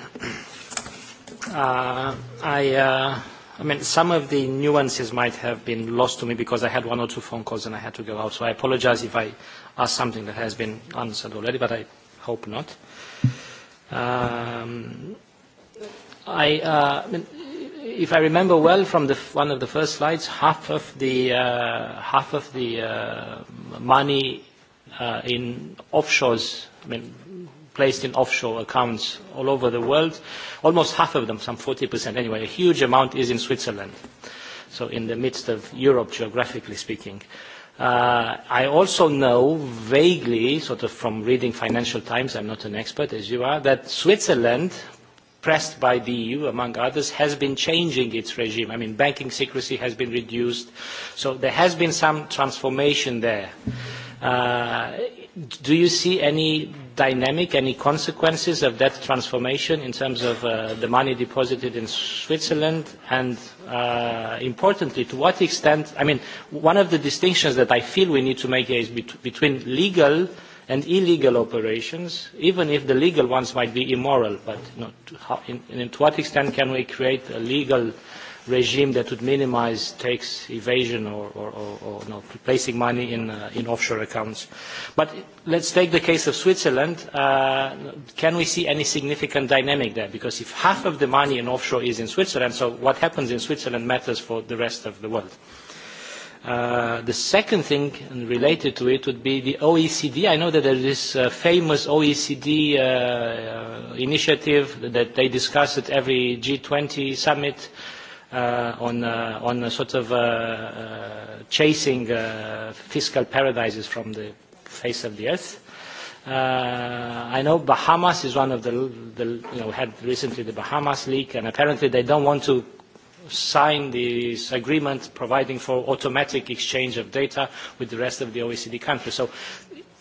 I I mean, some of the nuances might have been lost to me because I had one or two phone calls and I had to go out, so I apologize if I ask something that has been answered already, but I hope not. I, if I remember well from the, one of the first slides, half of the half of the money in offshores, I mean, placed in offshore accounts all over the world, almost half of them, some 40% anyway, a huge amount is in Switzerland. So in the midst of Europe, geographically speaking. I also know vaguely, sort of from reading Financial Times, I'm not an expert as you are, that Switzerland, pressed by the EU among others, has been changing its regime. I mean, banking secrecy has been reduced, so there has been some transformation there. Do you see any dynamic, any consequences of that transformation in terms of the money deposited in Switzerland, and importantly, to what extent, I mean, one of the distinctions that I feel we need to make is between legal and illegal operations, even if the legal ones might be immoral, but to what extent can we create a legal regime that would minimize tax evasion or placing money in offshore accounts. But let's take the case of Switzerland. Can we see any significant dynamic there? Because if half of the money in offshore is in Switzerland, so what happens in Switzerland matters for the rest of the world. The second thing related to it would be the OECD. I know that there is this famous OECD initiative that they discuss at every G20 summit on on sort of chasing fiscal paradises from the face of the earth. I know Bahamas is one of the, you know, had recently the Bahamas leak, and apparently they don't want to sign this agreement providing for automatic exchange of data with the rest of the OECD countries. So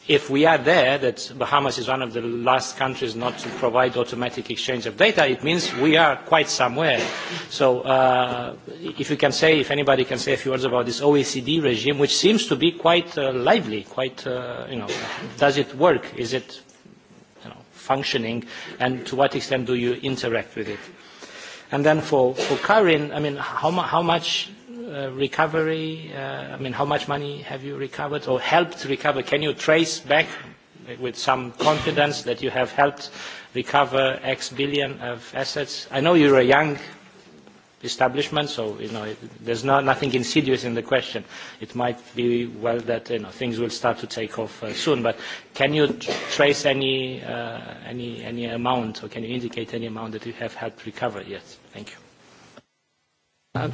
if we are there, that Bahamas is one of the last countries not to provide automatic exchange of data, it means we are quite somewhere. So if you can say, if anybody can say a few words about this OECD regime, which seems to be quite lively, quite, you know, does it work? Is it you know, functioning? And to what extent do you interact with it? And then for Karin, I mean, how much recovery? I mean, how much money have you recovered or helped recover? Can you trace back with some confidence that you have helped recover X billion of assets? I know you're a young establishment, so you know there's not nothing insidious in the question. It might be well that things will start to take off soon, but can you trace any, any, any amount or can you indicate any amount that you have helped recover yet? Thank you.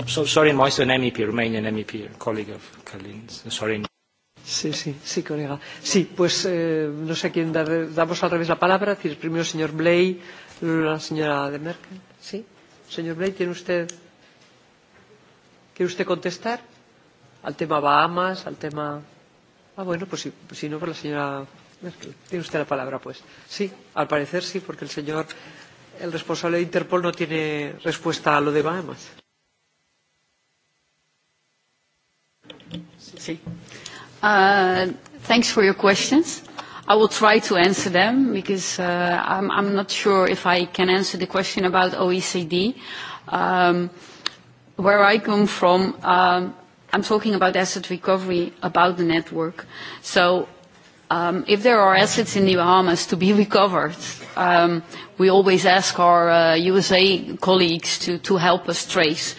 So, sorry, also an MEP, Romanian MEP, colleague of Kalin. Sorry. Sí, sí, sí, colega. Sí, pues no sé a quién dar, damos al revés la palabra. Decir, primero el señor Bley, la señora de Merkel. Sí. Señor Bley, ¿tiene usted, ¿quiere usted contestar al tema Bahamas, al tema... Ah, bueno, pues si, si no, por la señora Merkel. Tiene usted la palabra, pues. Sí, al parecer sí, porque el señor, el responsable de Interpol no tiene respuesta a lo de Bahamas. Sí. Thanks for your questions. I will try to answer them because I'm I'm not sure if I can answer the question about OECD. Where I come from, I'm talking about asset recovery, about the network. So if there are assets in the Bahamas to be recovered, we always ask our USA colleagues to help us trace.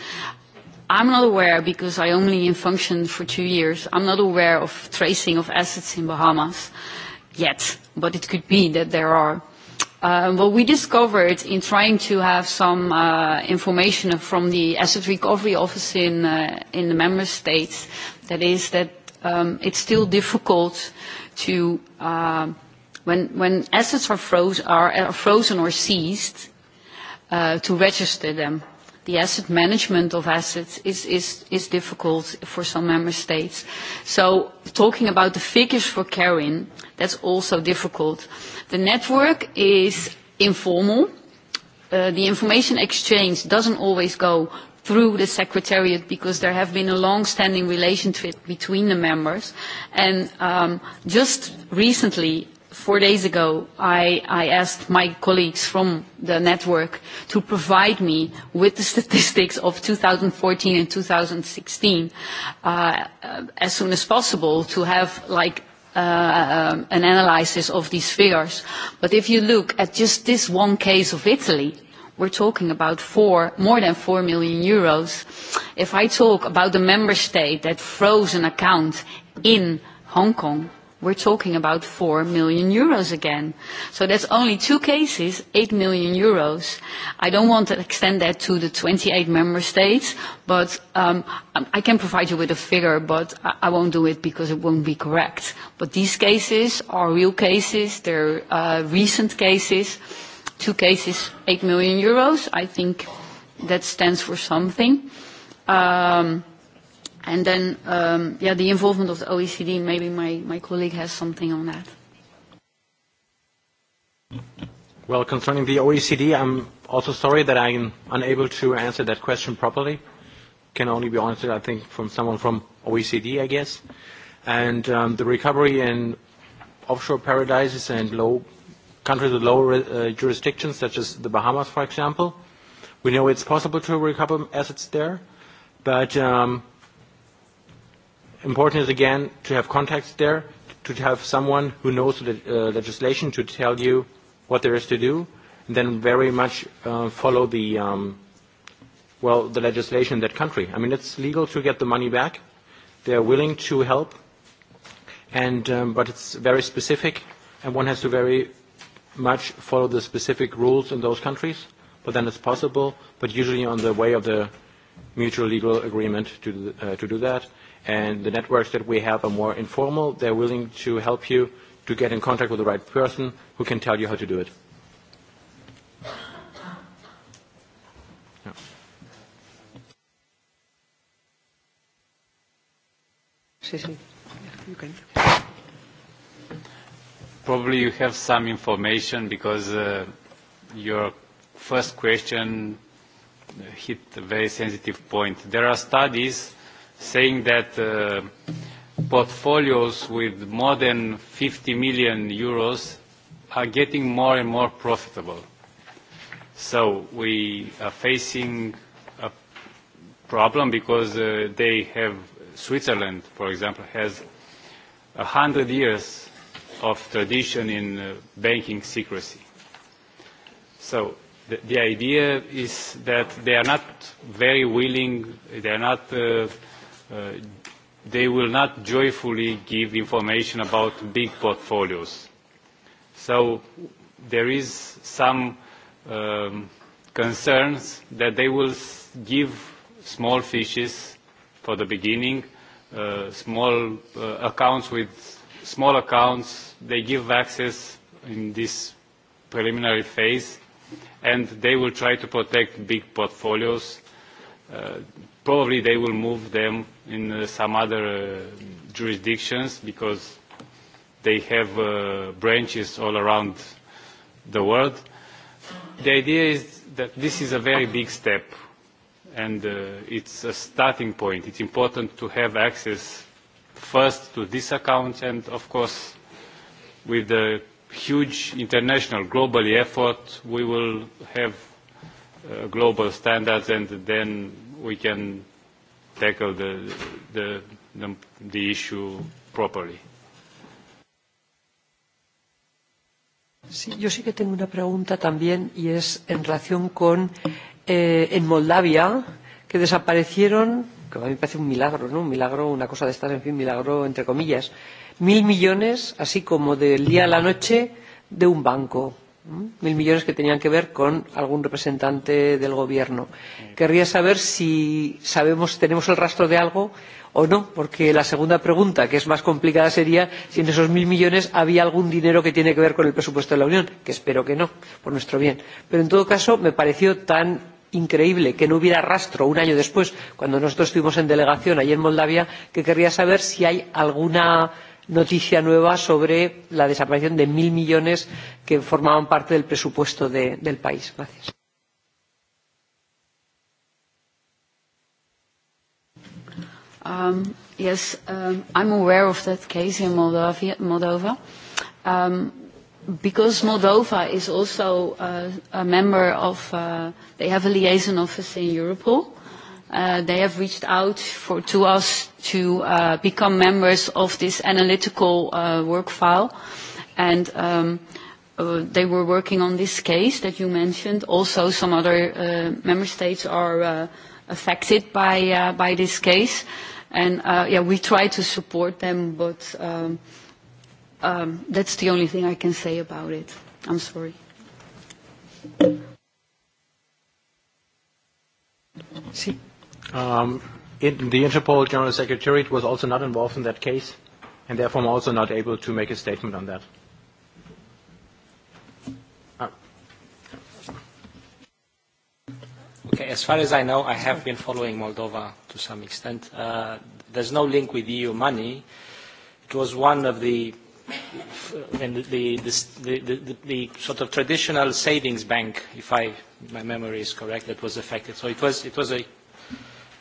I'm not aware, because I only in function for two years, I'm not aware of tracing of assets in Bahamas yet, but it could be that there are. What we discovered in trying to have some information from the Asset Recovery Office in the member states, that is that it's still difficult to, when assets are frozen or seized, to register them the asset management of assets is difficult for some member states. So talking about the figures for carrying, that's also difficult. The network is informal. The information exchange doesn't always go through the Secretariat because there have been a long-standing relationship between the members. And just recently, four days ago, I asked my colleagues from the network to provide me with the statistics of 2014 and 2016 as soon as possible to have like an analysis of these figures. But if you look at just this one case of Italy, we're talking about four, more than 4 million euros. If I talk about the member state that froze an account in Hong Kong, we're talking about 4 million euros again. So that's only two cases, 8 million euros. I don't want to extend that to the 28 member states, but I can provide you with a figure, but I won't do it because it won't be correct. But these cases are real cases, they're recent cases. Two cases, 8 million euros. I think that stands for something. And then, yeah, the involvement of the OECD, maybe my, my colleague has something on that. Well, concerning the OECD, I'm also sorry that I'm unable to answer that question properly. Can only be answered, I think, from someone from OECD, I guess. And the recovery in offshore paradises and low countries with low jurisdictions, such as the Bahamas, for example, we know it's possible to recover assets there, but um, important is again to have contacts there, to have someone who knows the legislation to tell you what there is to do, and then very much follow the well the legislation in that country. I mean, it's legal to get the money back. They are willing to help, and but it's very specific, and one has to very much follow the specific rules in those countries. But then it's possible, but usually on the way of the mutual legal agreement to to do that. And the networks that we have are more informal. They're willing to help you to get in contact with the right person who can tell you how to do it. Probably you have some information because your first question hit a very sensitive point. There are studies saying that portfolios with more than 50 million euros are getting more and more profitable. So we are facing a problem because they have, Switzerland, for example, has 100 years of tradition in banking secrecy. So the idea is that they are not very willing, they are not, they will not joyfully give information about big portfolios. So there is some concerns that they will give small fishes for the beginning, small accounts with small accounts, they give access in this preliminary phase and they will try to protect big portfolios. Probably they will move them in some other jurisdictions because they have branches all around the world. The idea is that this is a very big step and it's a starting point. It's important to have access first to this account and, of course, with the huge international, global effort, we will have global standards and then we can tackle the, the, the, the issue properly. Sí, yo sí que tengo una pregunta también y es en relación con eh, en Moldavia que desaparecieron, que a mí me parece un milagro, ¿no? Un milagro, una cosa de estar en fin, milagro entre comillas mil millones, así como del día a la noche, de un banco. Mil millones que tenían que ver con algún representante del gobierno. Querría saber si sabemos, tenemos el rastro de algo o no, porque la segunda pregunta, que es más complicada, sería si en esos mil millones había algún dinero que tiene que ver con el presupuesto de la Unión, que espero que no, por nuestro bien. Pero en todo caso, me pareció tan increíble que no hubiera rastro un año después, cuando nosotros estuvimos en delegación allí en Moldavia, que querría saber si hay alguna noticia nueva sobre la desaparición de mil millones que formaban parte del presupuesto del país. Gracias. Um, Yes, I'm aware of that case in Moldova um, because Moldova is also a member of, they have a liaison office in Europol They have reached out to us to become members of this analytical work file. And they were working on this case that you mentioned. Also, some other member states are affected by this case. And, yeah, we try to support them, but that's the only thing I can say about it. I'm sorry the Interpol General Secretariat was also not involved in that case, and therefore I'm also not able to make a statement on that. Okay, as far as I know, I have been following Moldova to some extent. there's no link with EU money. It was one of the the, the, the, the, sort of traditional savings bank, if I, my memory is correct, that was affected. So it was, it was a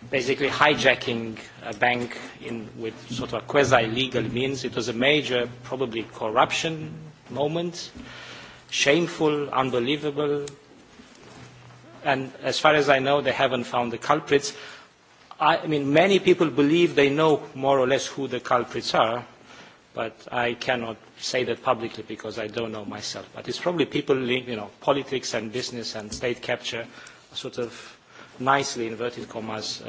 basically hijacking a bank in, with sort of quasi-legal means. It was a major, probably corruption moment, shameful, unbelievable. And as far as I know, they haven't found the culprits. I mean, many people believe they know more or less who the culprits are, but I cannot say that publicly because I don't know myself. But it's probably people, you know, politics and business and state capture, sort of nicely inverted commas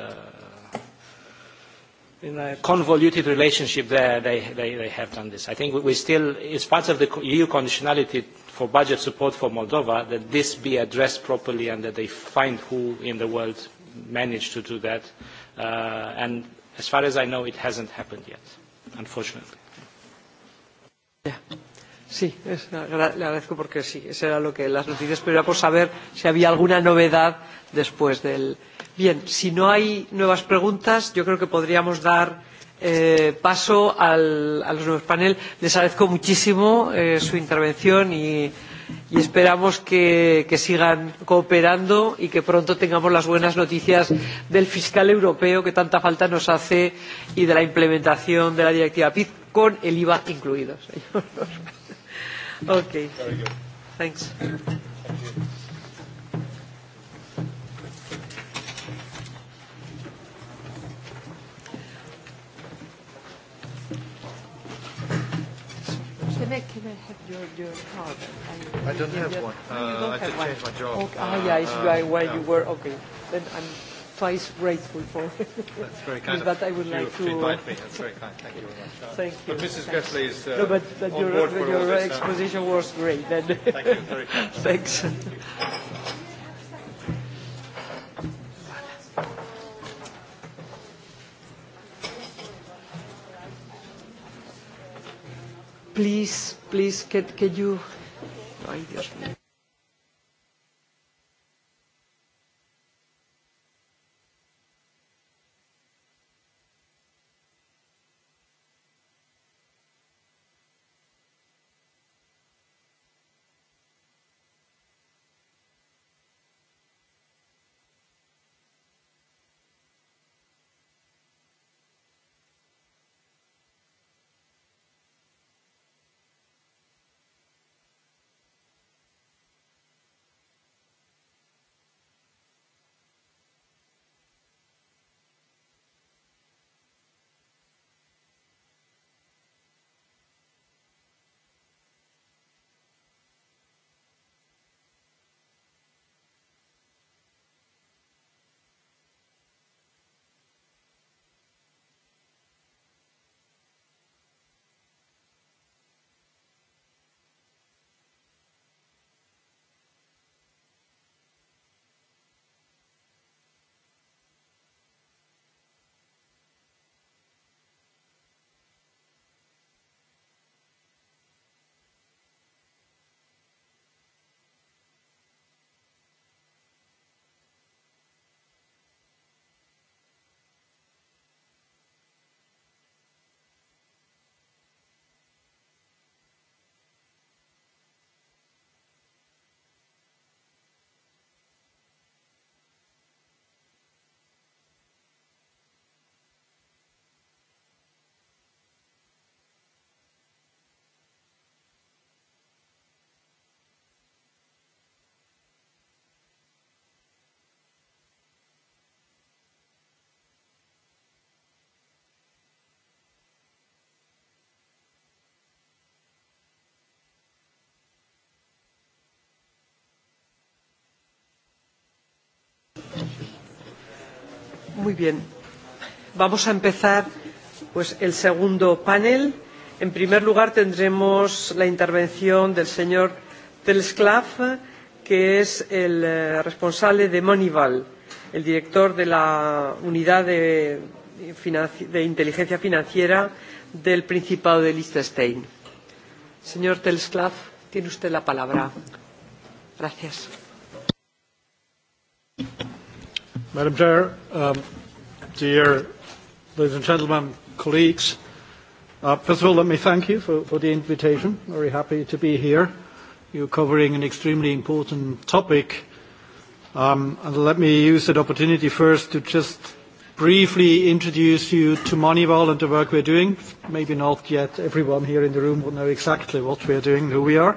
in a convoluted relationship there they they they have done this. I think we still it's part of the EU conditionality for budget support for Moldova that this be addressed properly and that they find who in the world managed to do that. And as far as I know it hasn't happened yet, unfortunately. Sí, le agradezco porque sí, era lo que las noticias, pero era por saber si había alguna novedad después del. Bien, si no hay nuevas preguntas, yo creo que podríamos dar paso a los nuevos paneles. Les agradezco muchísimo su intervención y esperamos que sigan cooperando y que pronto tengamos las buenas noticias del fiscal europeo que tanta falta nos hace y de la implementación de la directiva PIB con el IVA incluido. Can I, can I have your, your card? I, I don't have your, one. don't I have one. change my job. Okay. ah, yeah, it's right why you were. Okay. Then I'm twice grateful for That's very kind of I would like to... invite me. That's very kind. Thank you very much. Thank you. But Mrs. Gressler is uh, no, but, but your, your exposition was great. Then. Thank you very kind. Thanks. Please, please, could you... Muy bien. Vamos a empezar pues, el segundo panel. En primer lugar, tendremos la intervención del señor Telesclav, que es el responsable de Monival, el director de la unidad de, inteligencia financiera del Principado de Liechtenstein. Señor Telesclav, tiene usted la palabra. Gracias. Madam Chair, um, Dear ladies and gentlemen, colleagues, uh first of all, let me thank you for for the invitation. Very happy to be here. You're covering an extremely important topic. Um And let me use that opportunity first to just briefly introduce you to Moneyval and the work we're doing. Maybe not yet everyone here in the room will know exactly what we're doing, who we are.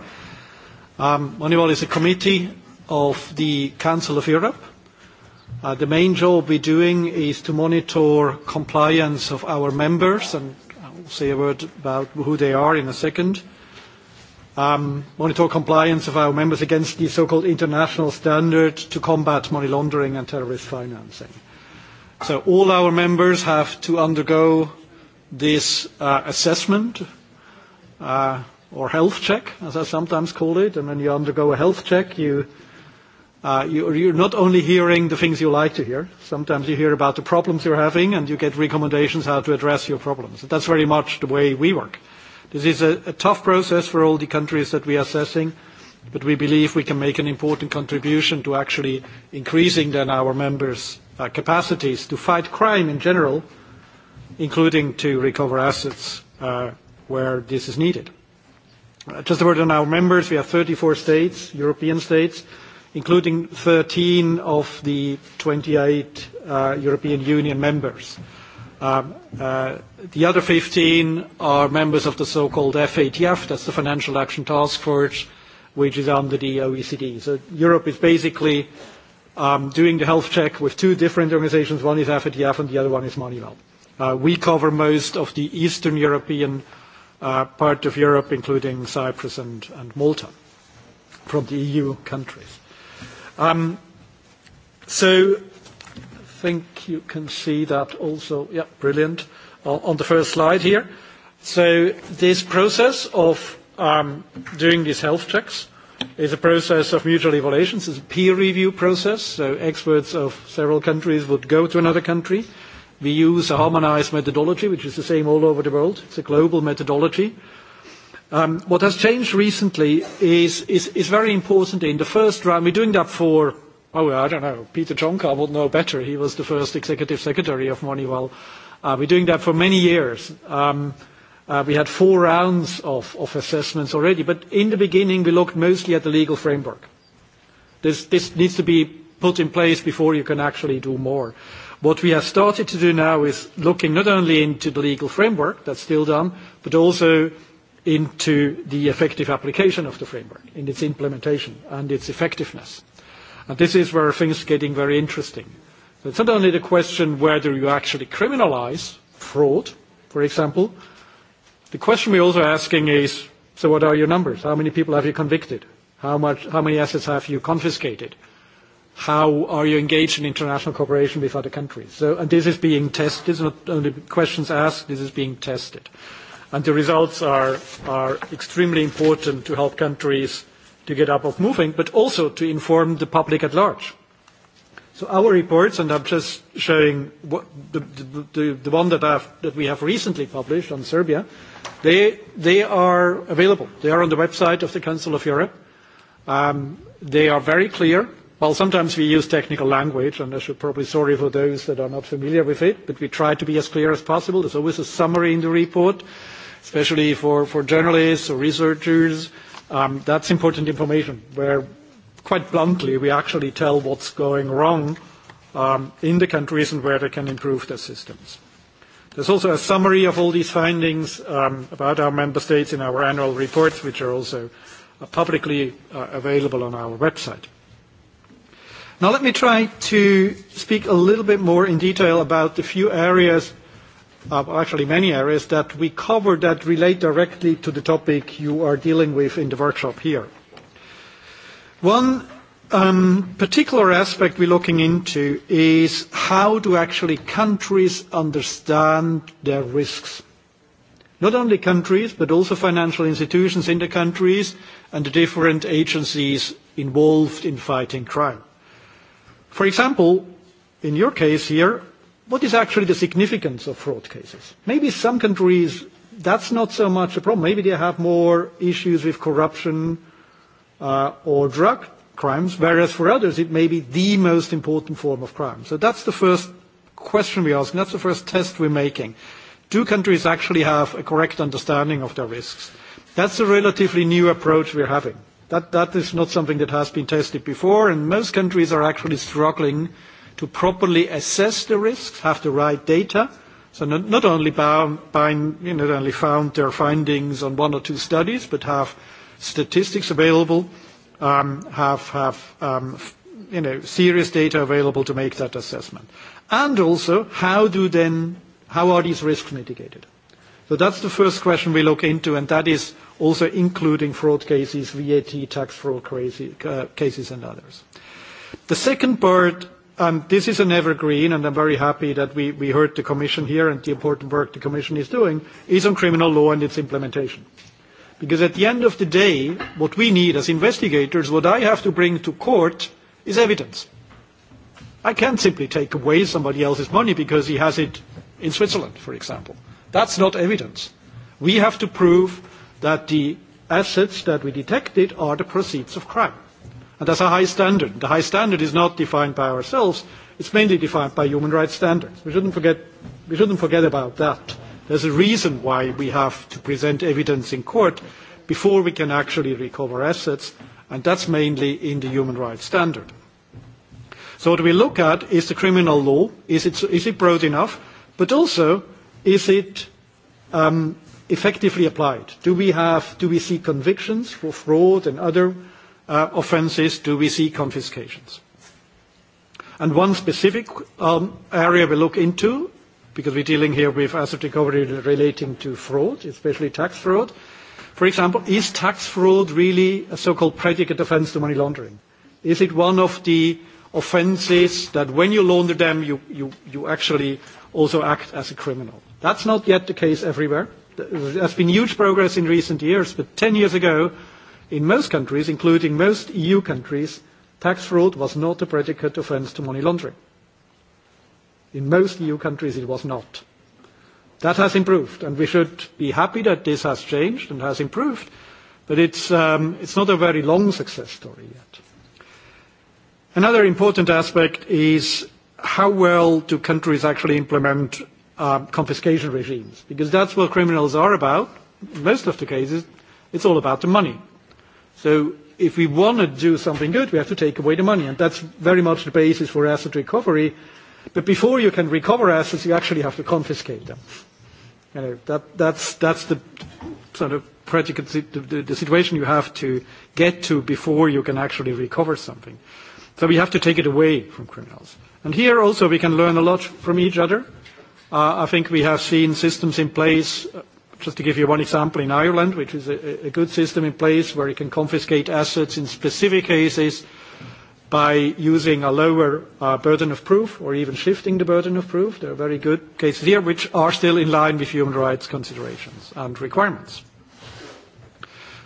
Um Moneyval is a committee of the Council of Europe The main job we're doing is to monitor compliance of our members, and I'll say a word about who they are in a second. Monitor compliance of our members against the so-called international standard to combat money laundering and terrorist financing. So all our members have to undergo this assessment or health check, as I sometimes call it. And when you undergo a health check, you You're not only hearing the things you like to hear. Sometimes you hear about the problems you're having and you get recommendations how to address your problems. That's very much the way we work. This is a tough process for all the countries that we are assessing, but we believe we can make an important contribution to actually increasing then our members' capacities to fight crime in general, including to recover assets where this is needed. Just a word on our members. We have 34 states, European states including 13 of the 28 European Union members. The other 15 are members of the so-called FATF, that's the Financial Action Task Force, which is under the OECD. So Europe is basically doing the health check with two different organizations. One is FATF and the other one is Moneyval. We cover most of the Eastern European part of Europe, including Cyprus and Malta, from the EU countries. So I think you can see that also. Yeah, brilliant. On the first slide here. So this process of doing these health checks is a process of mutual evaluations. It's a peer review process. So experts of several countries would go to another country. We use a harmonized methodology, which is the same all over the world. It's a global methodology What has changed recently is very important. In the first round, we're doing that for, oh, I don't know, Peter Csonka would know better. He was the first executive secretary of MoneyWell, We're doing that for many years. We had four rounds of assessments already, but in the beginning, we looked mostly at the legal framework. This needs to be put in place before you can actually do more. What we have started to do now is looking not only into the legal framework, that's still done, but also into the effective application of the framework, in its implementation and its effectiveness. And this is where things are getting very interesting. It's not only the question whether you actually criminalize fraud, for example. The question we're also asking is, so what are your numbers? How many people have you convicted? How many assets have you confiscated? How are you engaged in international cooperation with other countries? And this is being tested. It's not only questions asked, this is being tested and the results are extremely important to help countries to get up of moving, but also to inform the public at large. So our reports, and I'm just showing the one that we have recently published on Serbia, they are available. They are on the website of the Council of Europe. They are very clear. Well, sometimes we use technical language, and I should probably sorry for those that are not familiar with it, but we try to be as clear as possible. There's always a summary in the report especially for for journalists or researchers. That's important information where, quite bluntly, we actually tell what's going wrong in the countries and where they can improve their systems. There's also a summary of all these findings about our member states in our annual reports, which are also publicly available on our website. Now let me try to speak a little bit more in detail about the few areas actually many areas that we cover that relate directly to the topic you are dealing with in the workshop here. One particular aspect we're looking into is how do actually countries understand their risks. Not only countries, but also financial institutions in the countries and the different agencies involved in fighting crime. For example, in your case here, What is actually the significance of fraud cases? Maybe some countries, that's not so much a problem. Maybe they have more issues with corruption or drug crimes, whereas for others it may be the most important form of crime. So that's the first question we ask, that's the first test we're making. Do countries actually have a correct understanding of their risks? That's a relatively new approach we're having. That is not something that has been tested before, and most countries are actually struggling to properly assess the risks, have the right data. So not only found their findings on one or two studies, but have statistics available, have serious data available to make that assessment. And also, how do then, how are these risks mitigated? So that's the first question we look into, and that is also including fraud cases, VAT, tax fraud cases, and others. The second part This is an evergreen, and I'm very happy that we heard the Commission here and the important work the Commission is doing is on criminal law and its implementation. Because at the end of the day, what we need as investigators, what I have to bring to court, is evidence. I can't simply take away somebody else's money because he has it in Switzerland, for example. That's not evidence. We have to prove that the assets that we detected are the proceeds of crime. And that's a high standard. The high standard is not defined by ourselves. It's mainly defined by human rights standards. We shouldn't forget, forget about that. There's a reason why we have to present evidence in court before we can actually recover assets, and that's mainly in the human rights standard. So what we look at is the criminal law. Is it broad enough? But also, is it effectively applied? Do we see convictions for fraud and other offences do we see confiscations. And one specific area we look into, because we're dealing here with asset recovery relating to fraud, especially tax fraud. For example, is tax fraud really a so-called predicate offence to money laundering? Is it one of the offences that when you launder them, you actually also act as a criminal? That's not yet the case everywhere. There has been huge progress in recent years, but 10 years ago, In most countries, including most EU countries, tax fraud was not a predicate offence to money laundering. In most EU countries it was not. That has improved, and we should be happy that this has changed and has improved, but it's not a very long success story yet. Another important aspect is how well do countries actually implement confiscation regimes, because that's what criminals are about. In most of the cases, it's all about the money. So if we want to do something good, we have to take away the money, and that's very much the basis for asset recovery. But before you can recover assets, you actually have to confiscate them. that, that's, the sort of predicate, the situation you have to get to before you can actually recover something. So we have to take it away from criminals. And here also we can learn a lot from each other. I think we have seen systems in place Just to give you one example, in Ireland, which is a good system in place where you can confiscate assets in specific cases by using a lower burden of proof or even shifting the burden of proof. There are very good cases here which are still in line with human rights considerations and requirements.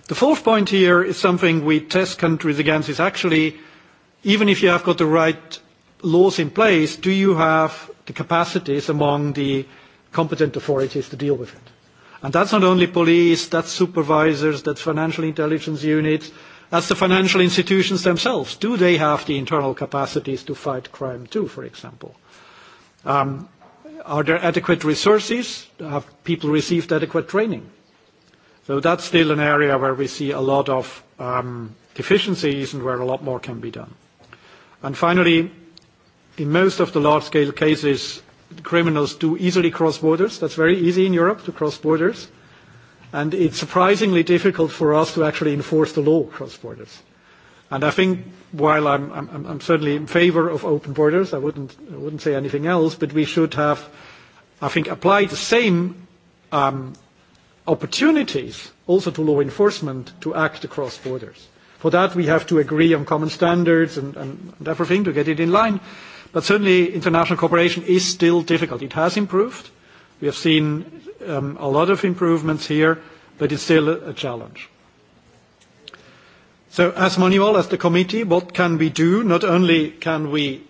The fourth point here is something we test countries against is actually even if you have got the right laws in place, do you have the capacities among the competent authorities to deal with it? And that's not only police, that's supervisors, that's financial intelligence units, that's the financial institutions themselves. Do they have the internal capacities to fight crime too, for example? Are there adequate resources? Have people received adequate training? So that's still an area where we see a lot of deficiencies and where a lot more can be done. And finally, in most of the large-scale cases, criminals do easily cross borders. That's very easy in Europe to cross borders. And it's surprisingly difficult for us to actually enforce the law across borders. And I think while I'm, I'm, I'm certainly in favor of open borders, I wouldn't, I wouldn't say anything else, but we should have, I think, applied the same um, opportunities also to law enforcement to act across borders. For that, we have to agree on common standards and, and, and everything to get it in line. But certainly international cooperation is still difficult. It has improved. We have seen a lot of improvements here, but it's still a challenge. So as Manuel as the committee, what can we do? Not only can we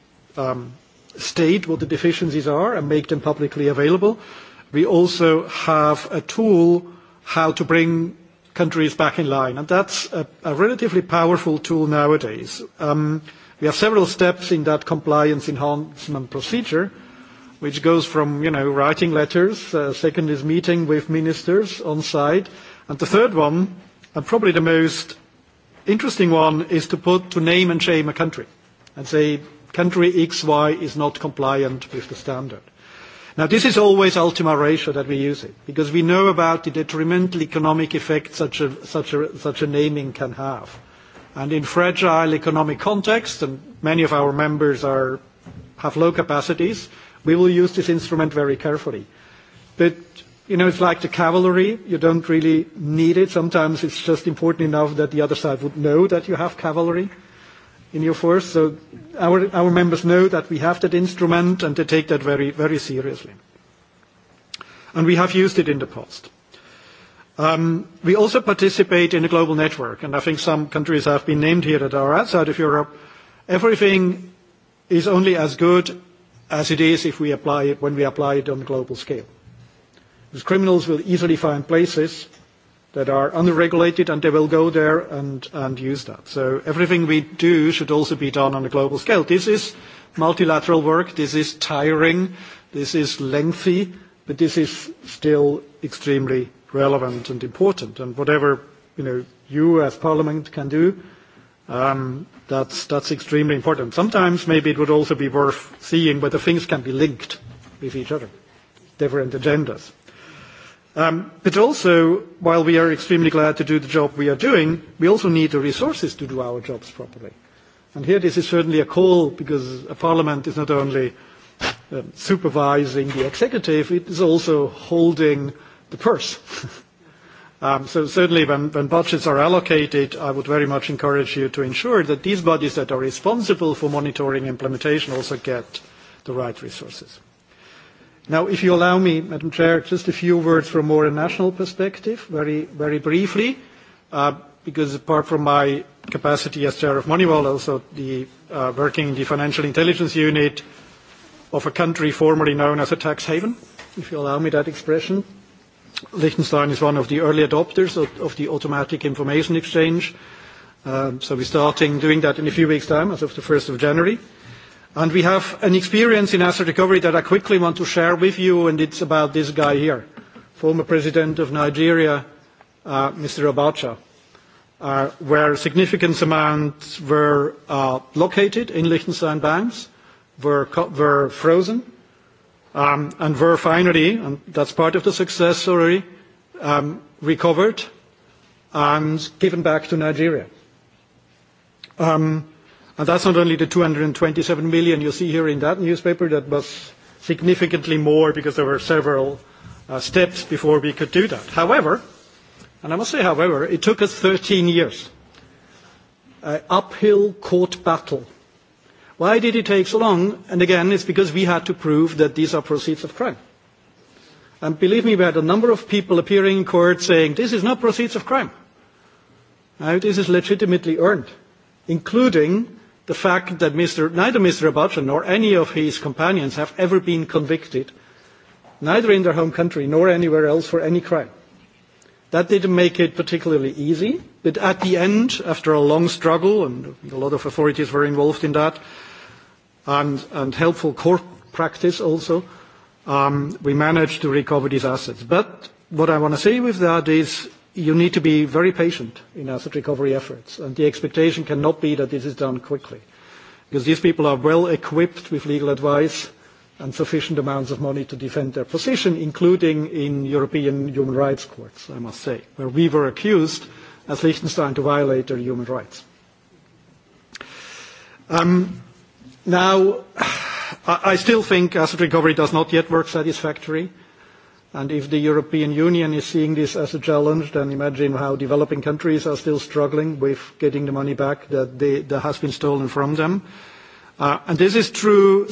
state what the deficiencies are and make them publicly available, we also have a tool how to bring countries back in line. And that's a relatively powerful tool nowadays. We have several steps in that compliance enhancement procedure, which goes from, you know, writing letters, second is meeting with ministers on site, and the third one, and probably the most interesting one, is to put to name and shame a country and say, country X, Y is not compliant with the standard. Now, this is always ultima ratio that we use it, because we know about the detrimental economic effects such a naming can have. And in fragile economic context, and many of our members have low capacities, we will use this instrument very carefully. But, you know, it's like the cavalry. You don't really need it. Sometimes it's just important enough that the other side would know that you have cavalry in your force. So our, members know that we have that instrument and they take that very, very seriously. And we have used it in the past. We also participate in a global network, and I think some countries have been named here that are outside of Europe. Everything is only as good as it is if we apply it when we apply it on a global scale. Because criminals will easily find places that are unregulated and they will go there and use that. So everything we do should also be done on a global scale. This is multilateral work, this is tiring, this is lengthy, but this is still extremely relevant and important. And whatever you know you as Parliament can do, that's that's extremely important. Sometimes maybe it would also be worth seeing whether things can be linked with each other, different agendas. But also, while we are extremely glad to do the job we are doing, we also need the resources to do our jobs properly. And here this is certainly a call because a parliament is not only supervising the executive, it is also holding the purse. So certainly when budgets are allocated, I would very much encourage you to ensure that these bodies that are responsible for monitoring implementation also get the right resources. Now, if you allow me, Madam Chair, just a few words from more a national perspective, very, very briefly, because apart from my capacity as Chair of Moneywell, also the working in the Financial Intelligence Unit of a country formerly known as a tax haven, if you allow me that expression Liechtenstein is one of the early adopters of the automatic information exchange. So we're starting doing that in a few weeks' time, as of the 1st of January. And we have an experience in asset recovery that I quickly want to share with you, and it's about this guy here, former president of Nigeria, Mr. Abacha where significant amounts were located in Liechtenstein banks, were frozen, and were finally, and that's part of the success story, recovered and given back to Nigeria. And that's not only the 227 million you see here in that newspaper, that was significantly more because there were several steps before we could do that. However, and I must say however, it took us 13 years. Uphill court battle Why did it take so long? And again, it's because we had to prove that these are proceeds of crime. And believe me, we had a number of people appearing in court saying, this is not proceeds of crime. This is legitimately earned, including the fact that neither Mr. Abadjan nor any of his companions have ever been convicted, neither in their home country nor anywhere else for any crime. That didn't make it particularly easy, but at the end, after a long struggle, and a lot of authorities were involved in that, and helpful court practice also, we managed to recover these assets. But what I want to say with that is you need to be very patient in asset recovery efforts, and the expectation cannot be that this is done quickly, because these people are well equipped with legal advice and sufficient amounts of money to defend their position, including in European human rights courts, I must say, where we were accused as Liechtenstein to violate their human rights. Now, I still think asset recovery does not yet work satisfactory. And if the European Union is seeing this as a challenge, then imagine how developing countries are still struggling with getting the money back that has been stolen from them. And this is true.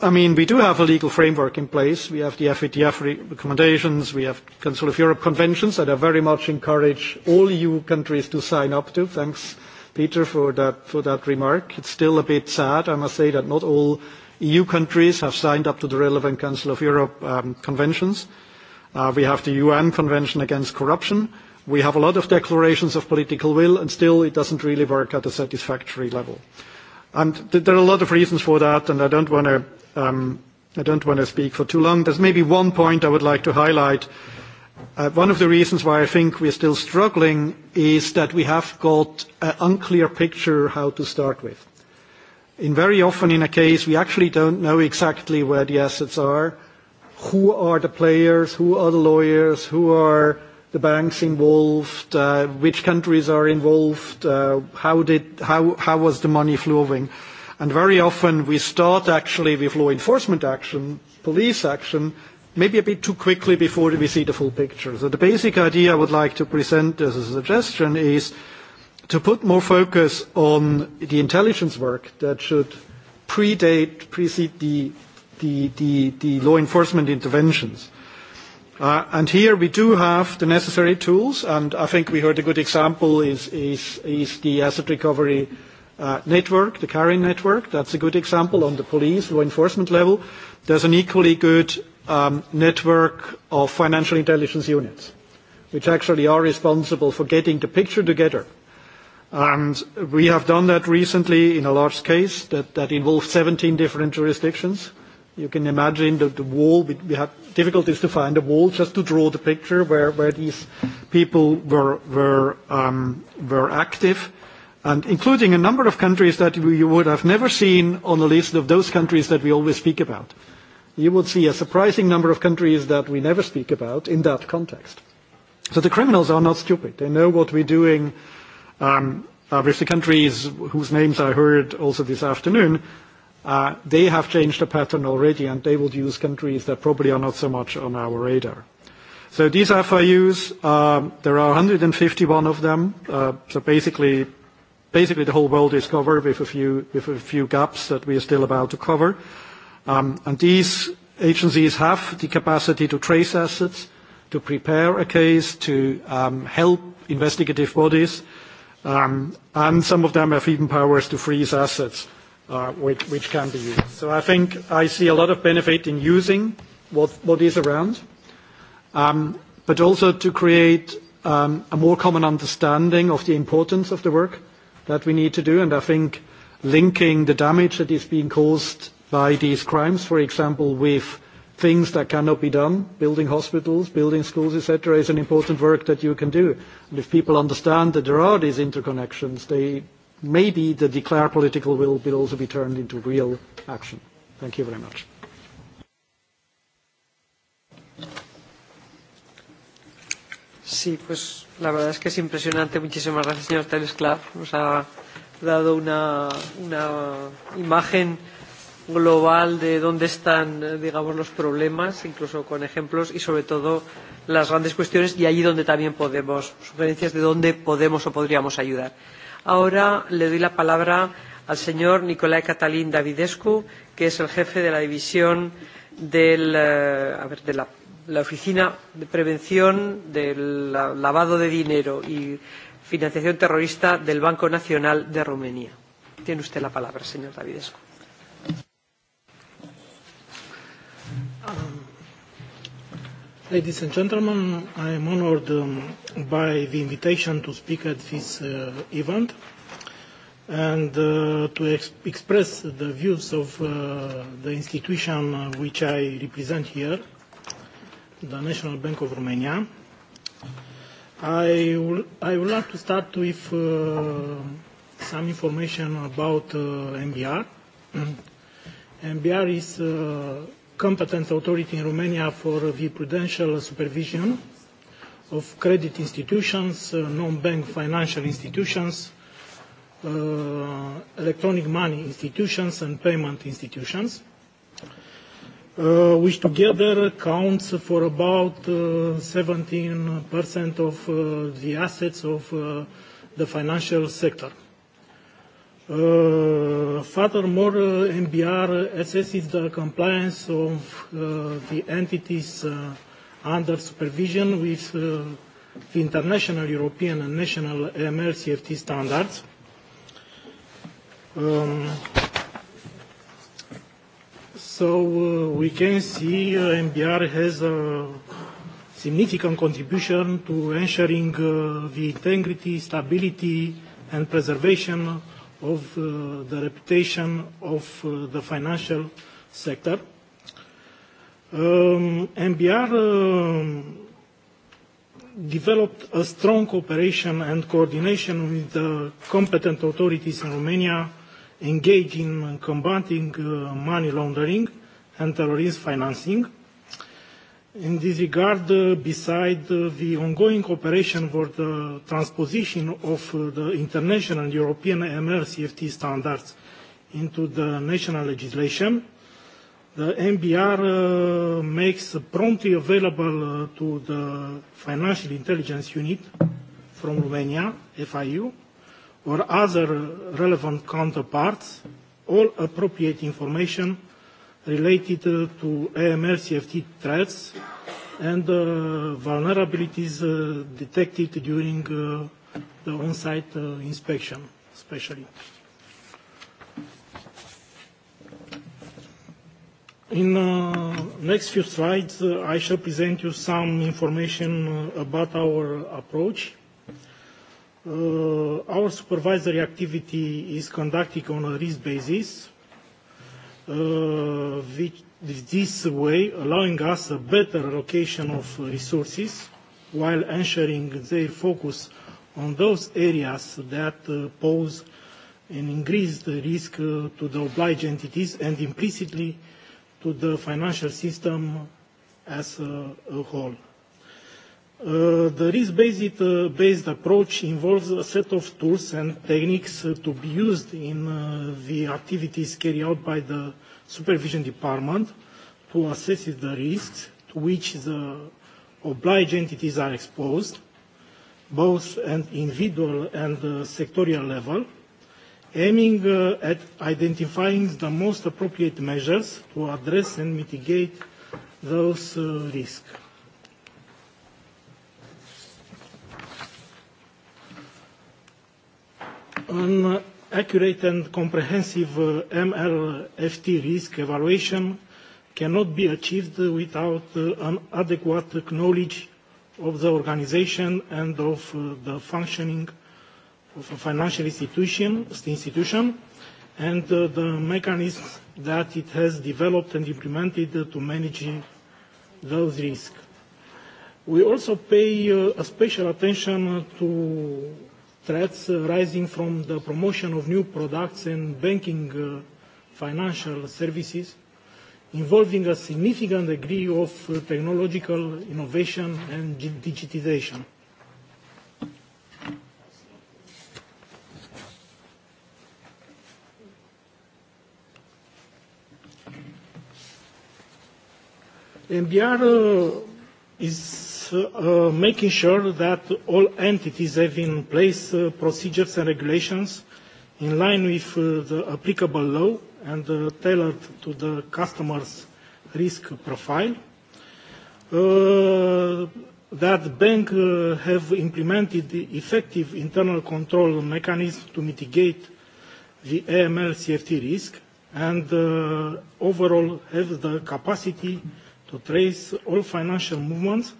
I mean, we do have a legal framework in place. We have the FATF recommendations. We have Council of Europe conventions that are very much encourage all EU countries to sign up to, thanks Peter, for that remark. It's still a bit sad, I must say, that not all EU countries have signed up to the relevant Council of Europe conventions. We have the UN Convention Against Corruption. We have a lot of declarations of political will, and still it doesn't really work at a satisfactory level. there are a lot of reasons for that, and I don't want to speak for too long. There's maybe one point I would like to highlight One of the reasons why I think we are still struggling is that we have got an unclear picture how to start with. very often in a case, we actually don't know exactly where the assets are, who are the players, who are the lawyers, who are the banks involved, which countries are involved, how did how was the money flowing. And very often we start actually with law enforcement action, police action, Maybe a bit too quickly before we see the full picture. So the basic idea I would like to present as a suggestion is to put more focus on the intelligence work that should predate, precede the law enforcement interventions. And here we do have the necessary tools, and I think we heard a good example is the asset recovery network, the CARIN network. That's a good example on the police, law enforcement level. There's an equally good network of financial intelligence units, which actually are responsible for getting the picture together. And we have done that recently in a large case that involved 17 different jurisdictions. You can imagine the wall, we had difficulties to find a wall just to draw the picture where these people were active, and including a number of countries that you would have never seen on the list of those countries that we always speak about you would see a surprising number of countries that we never speak about in that context. So the criminals are not stupid. They know what we're doing with the countries whose names I heard also this afternoon. They have changed the pattern already, and they would use countries that probably are not so much on our radar. So these FIUs, there are 151 of them. So basically, basically the whole world is covered with a few with a few gaps that we are still about to cover. And these agencies have the capacity to trace assets, to prepare a case, to help investigative bodies, and some of them have even powers to freeze assets which can be used. So I think I see a lot of benefit in using what is around, but also to create a more common understanding of the importance of the work that we need to do. And I think linking the damage that is being caused by these crimes, for example, with things that cannot be done, building hospitals, building schools, etc., is an important work that you can do. And if people understand that there are these interconnections, they maybe the declared political will will also be turned into real action. Thank you very much. Sí, pues la verdad es que es impresionante. Muchísimas gracias, señor Nos ha dado una imagen global de dónde están, digamos, los problemas, incluso con ejemplos y sobre todo las grandes cuestiones y allí donde también podemos, sugerencias de dónde podemos o podríamos ayudar. Ahora le doy la palabra al señor Nicolae Catalín Davidescu, que es el jefe de la división del, a ver, de la, la Oficina de Prevención del Lavado de Dinero y Financiación Terrorista del Banco Nacional de Rumanía. Tiene usted la palabra, señor Davidescu. Ladies and gentlemen, I am honored by the invitation to speak at this event and to express the views of the institution which I represent here, the National Bank of Romania. I would like to start with some information about MBR. MBR is competent authority in Romania for the prudential supervision of credit institutions, non-bank financial institutions, electronic money institutions and payment institutions, which together counts for about 17% of the assets of the financial sector. Furthermore, MBR assesses the compliance of the entities under supervision with the international European and national AML standards. So we can see MBR has a significant contribution to ensuring the integrity, stability and preservation of the reputation of the financial sector. MBR developed a strong cooperation and coordination with the competent authorities in Romania engaged in combating money laundering and terrorist financing. In this regard, beside the ongoing cooperation for the transposition of the international European MRCFT standards into the national legislation, the MBR makes promptly available to the Financial Intelligence Unit from Romania, FIU, or other relevant counterparts all appropriate information related to AML CFT threats and vulnerabilities detected during the on-site inspection, especially. In the next few slides, I shall present you some information about our approach. Our supervisory activity is conducted on a risk basis this way allowing us a better allocation of resources while ensuring their focus on those areas that pose an increased risk to the obliged entities and implicitly to the financial system as a whole. The risk-based approach involves a set of tools and techniques to be used in the activities carried out by the supervision department to assess the risks to which the obliged entities are exposed, both at individual and sectorial level, aiming at identifying the most appropriate measures to address and mitigate those risks. an accurate and comprehensive MLFT risk evaluation cannot be achieved without an adequate knowledge of the organisation and of the functioning of a financial institution and the mechanisms that it has developed and implemented to manage those risks. We also pay special attention to threats arising from the promotion of new products and banking financial services involving a significant degree of technological innovation and digitization. MBR is making sure that all entities have in place procedures and regulations in line with the applicable law and tailored to the customer's risk profile, that banks have implemented effective internal control mechanisms to mitigate the AML-CFT risk and overall have the capacity to trace all financial movements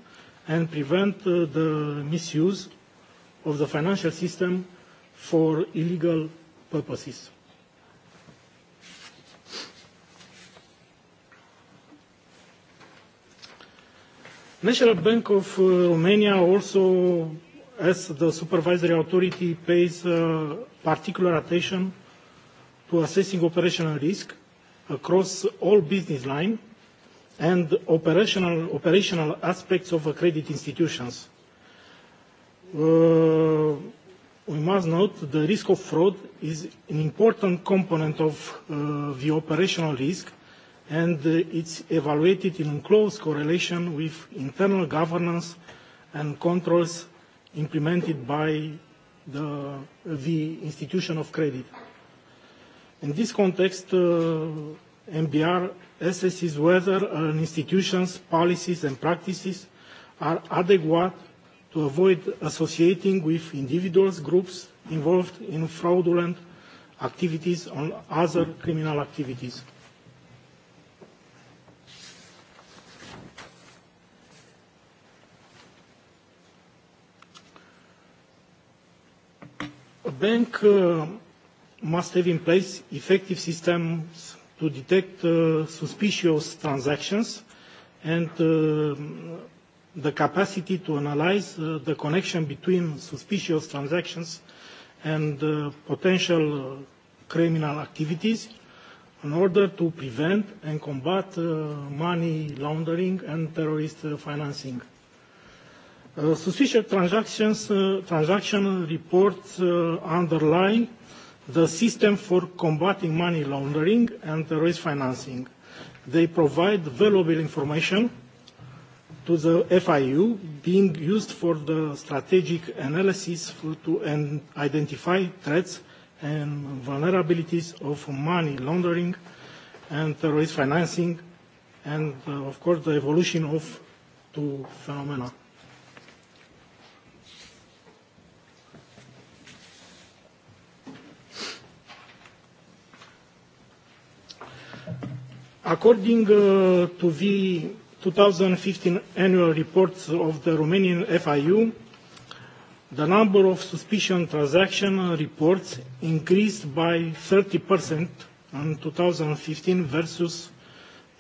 and prevent the misuse of the financial system for illegal purposes. National Bank of Romania also, as the supervisory authority, pays particular attention to assessing operational risk across all business lines and operational aspects of credit institutions. We must note the risk of fraud is an important component of the operational risk and it's evaluated in close correlation with internal governance and controls implemented by the institution of credit. In this context, MBR assesses whether an institution's policies and practices are adequate to avoid associating with individuals groups involved in fraudulent activities or other criminal activities. A bank must have in place effective systems to detect suspicious transactions and the capacity to analyze the connection between suspicious transactions and potential criminal activities in order to prevent and combat money laundering and terrorist financing. Suspicious transactions transaction reports underline the system for combating money laundering and terrorist financing. They provide valuable information to the FIU being used for the strategic analysis to identify threats and vulnerabilities of money laundering and terrorist financing and, of course, the evolution of two phenomena. According to the 2015 annual reports of the Romanian FIU, the number of suspicion transaction reports increased by 30% in 2015 versus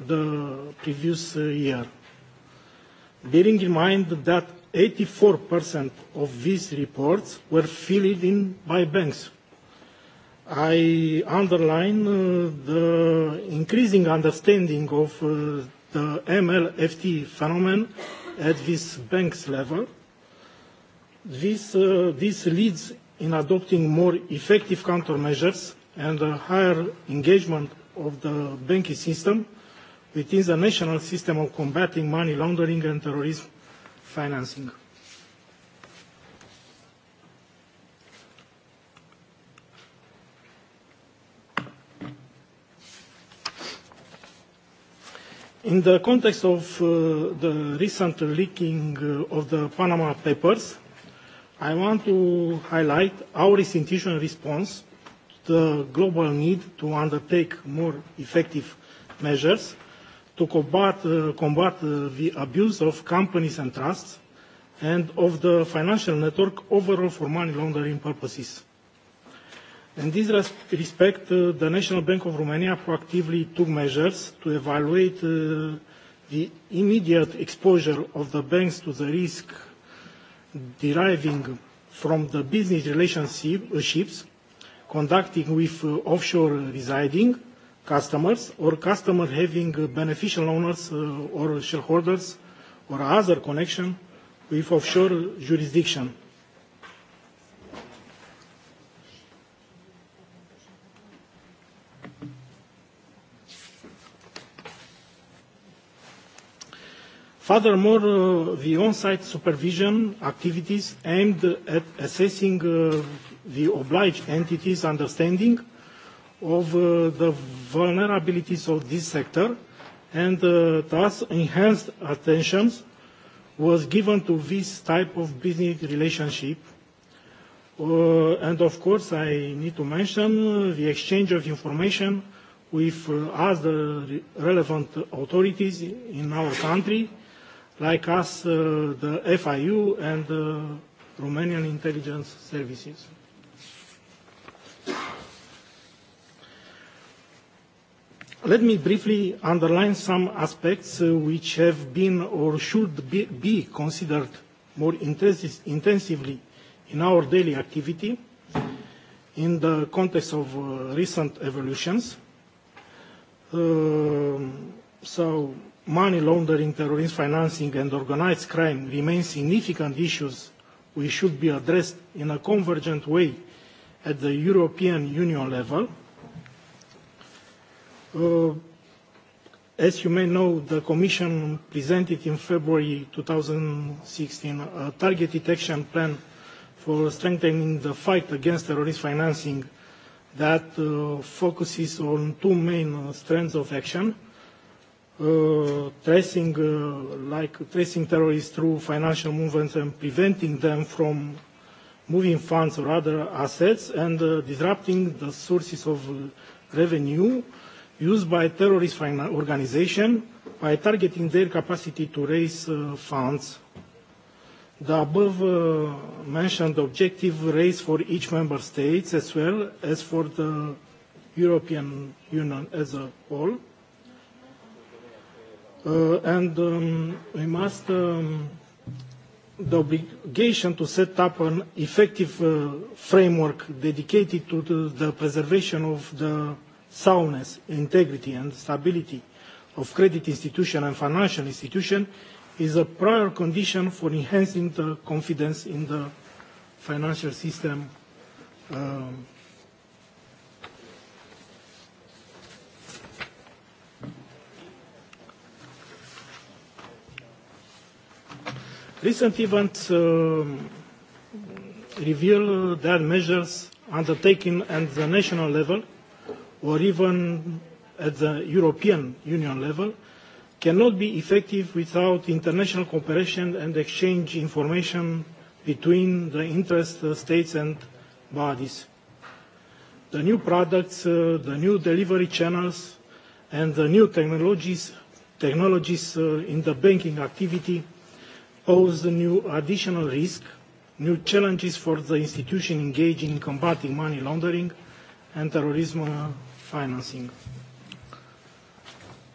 the previous year. Bearing in mind that 84% of these reports were filled in by banks. I underline the increasing understanding of the MLFT phenomenon at this bank's level. This leads in adopting more effective countermeasures and a higher engagement of the banking system within the national system of combating money laundering and terrorism financing. In the context of the recent leaking of the Panama Papers, I want to highlight our institutional response to the global need to undertake more effective measures to combat the abuse of companies and trusts and of the financial network overall for money laundering purposes. In this respect, the National Bank of Romania proactively took measures to evaluate the immediate exposure of the banks to the risk deriving from the business relationships conducting with offshore residing customers or customers having beneficial owners or shareholders or other connection with offshore jurisdiction. Furthermore, the on-site supervision activities aimed at assessing the obliged entities' understanding of the vulnerabilities of this sector, and thus enhanced attention was given to this type of business relationship. And of course, I need to mention the exchange of information with other relevant authorities in our country like us, the FIU and the Romanian intelligence services. Let me briefly underline some aspects which have been or should be considered more intensively in our daily activity in the context of recent evolutions. So money laundering, terrorist financing and organised crime remain significant issues which should be addressed in a convergent way at the European Union level. As you may know, the Commission presented in February 2016 a targeted action plan for strengthening the fight against terrorist financing that focuses on two main strands of action tracing like tracing terrorists through financial movements and preventing them from moving funds or other assets and disrupting the sources of revenue used by terrorist organisations by targeting their capacity to raise funds. The above mentioned objective raised for each member state as well as for the European Union as a whole and we must the obligation to set up an effective framework dedicated to the preservation of the soundness, integrity and stability of credit institution and financial institution is a prior condition for enhancing the confidence in the financial system Recent events reveal that measures undertaken at the national level or even at the European Union level cannot be effective without international cooperation and exchange information between the interest states and bodies. The new products, the new delivery channels and the new technologies in the banking activity pose new additional risk, new challenges for the institution engaged in combating money laundering and terrorism financing.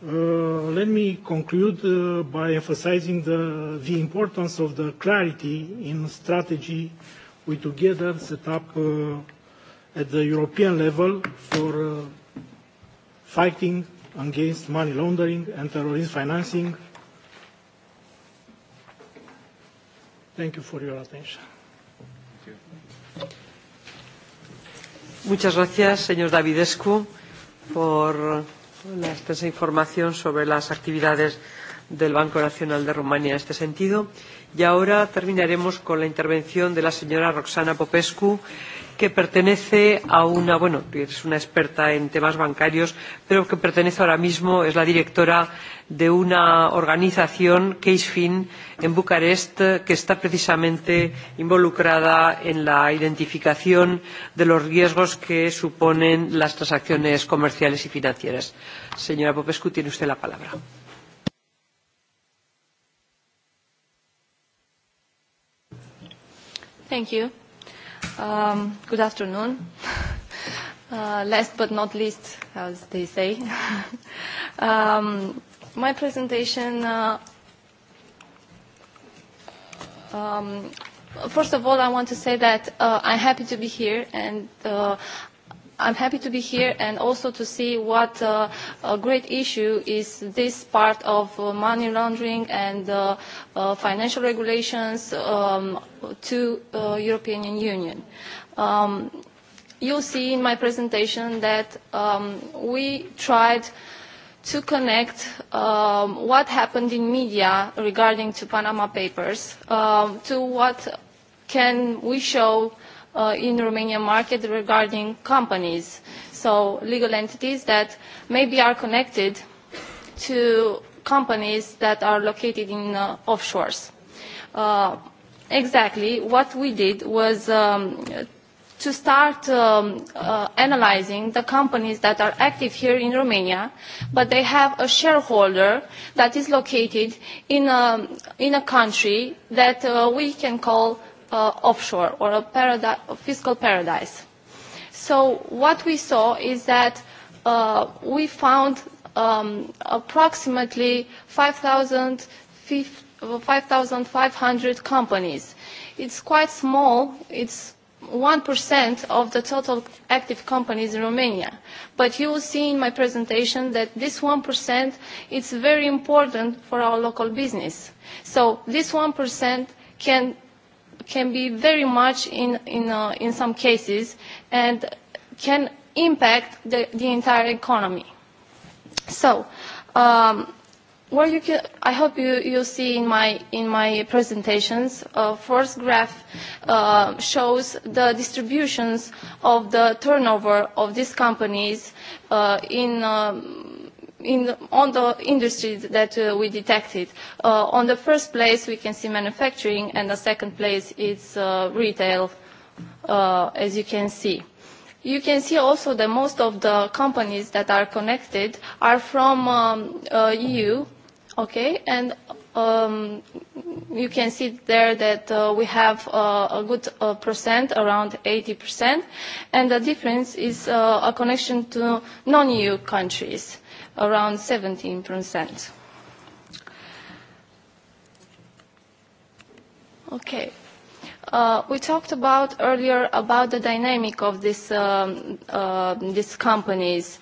Let me conclude by emphasizing the importance of the clarity in strategy we together set up at the European level for fighting against money laundering and terrorism financing Thank you for your attention. Muchas gracias, señor Davidescu, por la extensa información sobre las actividades del Banco Nacional de Rumanía en este sentido. Y ahora terminaremos con la intervención de la señora Roxana Popescu que pertenece a una, bueno, es una experta en temas bancarios, pero que pertenece ahora mismo, es la directora de una organización, CaseFin, en Bucarest, que está precisamente involucrada en la identificación de los riesgos que suponen las transacciones comerciales y financieras. Señora Popescu, tiene usted la palabra. Um Good afternoon. Last but not least, as they say. Um My presentation, um first of all, I want to say that I'm happy to be here and I'm happy to be here and also to see what a great issue is this part of money laundering and financial regulations to European Union. You'll see in my presentation that we tried to connect what happened in media regarding to Panama Papers to what can we show in the Romanian market regarding companies, so legal entities that maybe are connected to companies that are located in offshores. Exactly, what we did was to start analyzing the companies that are active here in Romania, but they have a shareholder that is located in a country that we can call offshore or a fiscal paradise. So what we saw is that we found approximately 5,500 companies. It's quite small. It's 1% of the total active companies in Romania. But you will see in my presentation that this 1% is very important for our local business. So this 1% can can be very much in in in some cases and can impact the the entire economy. So what you can I hope you you see in my in my presentations first graph shows the distributions of the turnover of these companies in in on the industries that we detected. On the first place, we can see manufacturing, and the second place is retail, as you can see. You can see also that most of the companies that are connected are from EU, okay, and you can see there that we have a good percent, around 80%, and the difference is a connection to non-EU countries around 17%. Okay. We talked about earlier about the dynamic of these companies.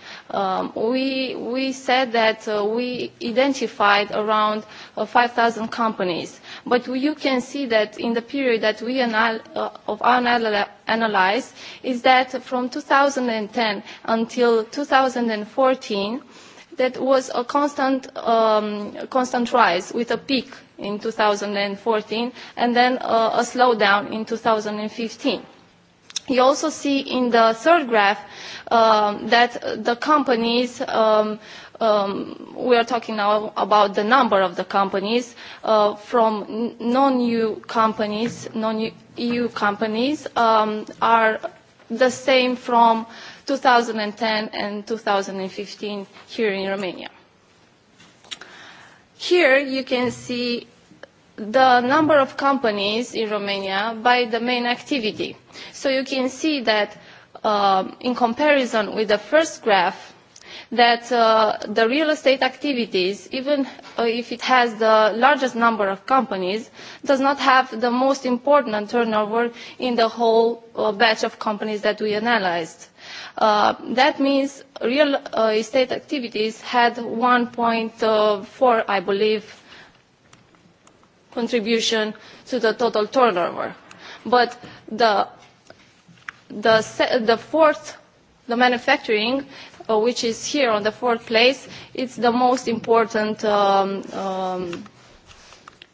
We said that we identified around 5,000 companies, but you can see that in the period that we analyzed is that from 2010 until 2014 that was a constant constant rise with a peak in 2014 and then a slowdown in 2015. You also see in the third graph that the companies we are talking now about the number of the companies from non-EU companies, non-EU companies are the same from 2010 and 2015 here in Romania. Here you can see the number of companies in Romania by the main activity. So you can see that in comparison with the first graph, that the real estate activities, even if it has the largest number of companies, does not have the most important turnover in the whole batch of companies that we analyzed. That means real estate activities had 1.4, I believe, contribution to the total turnover. But the the fourth, the manufacturing, which is here on the fourth place, it's the most important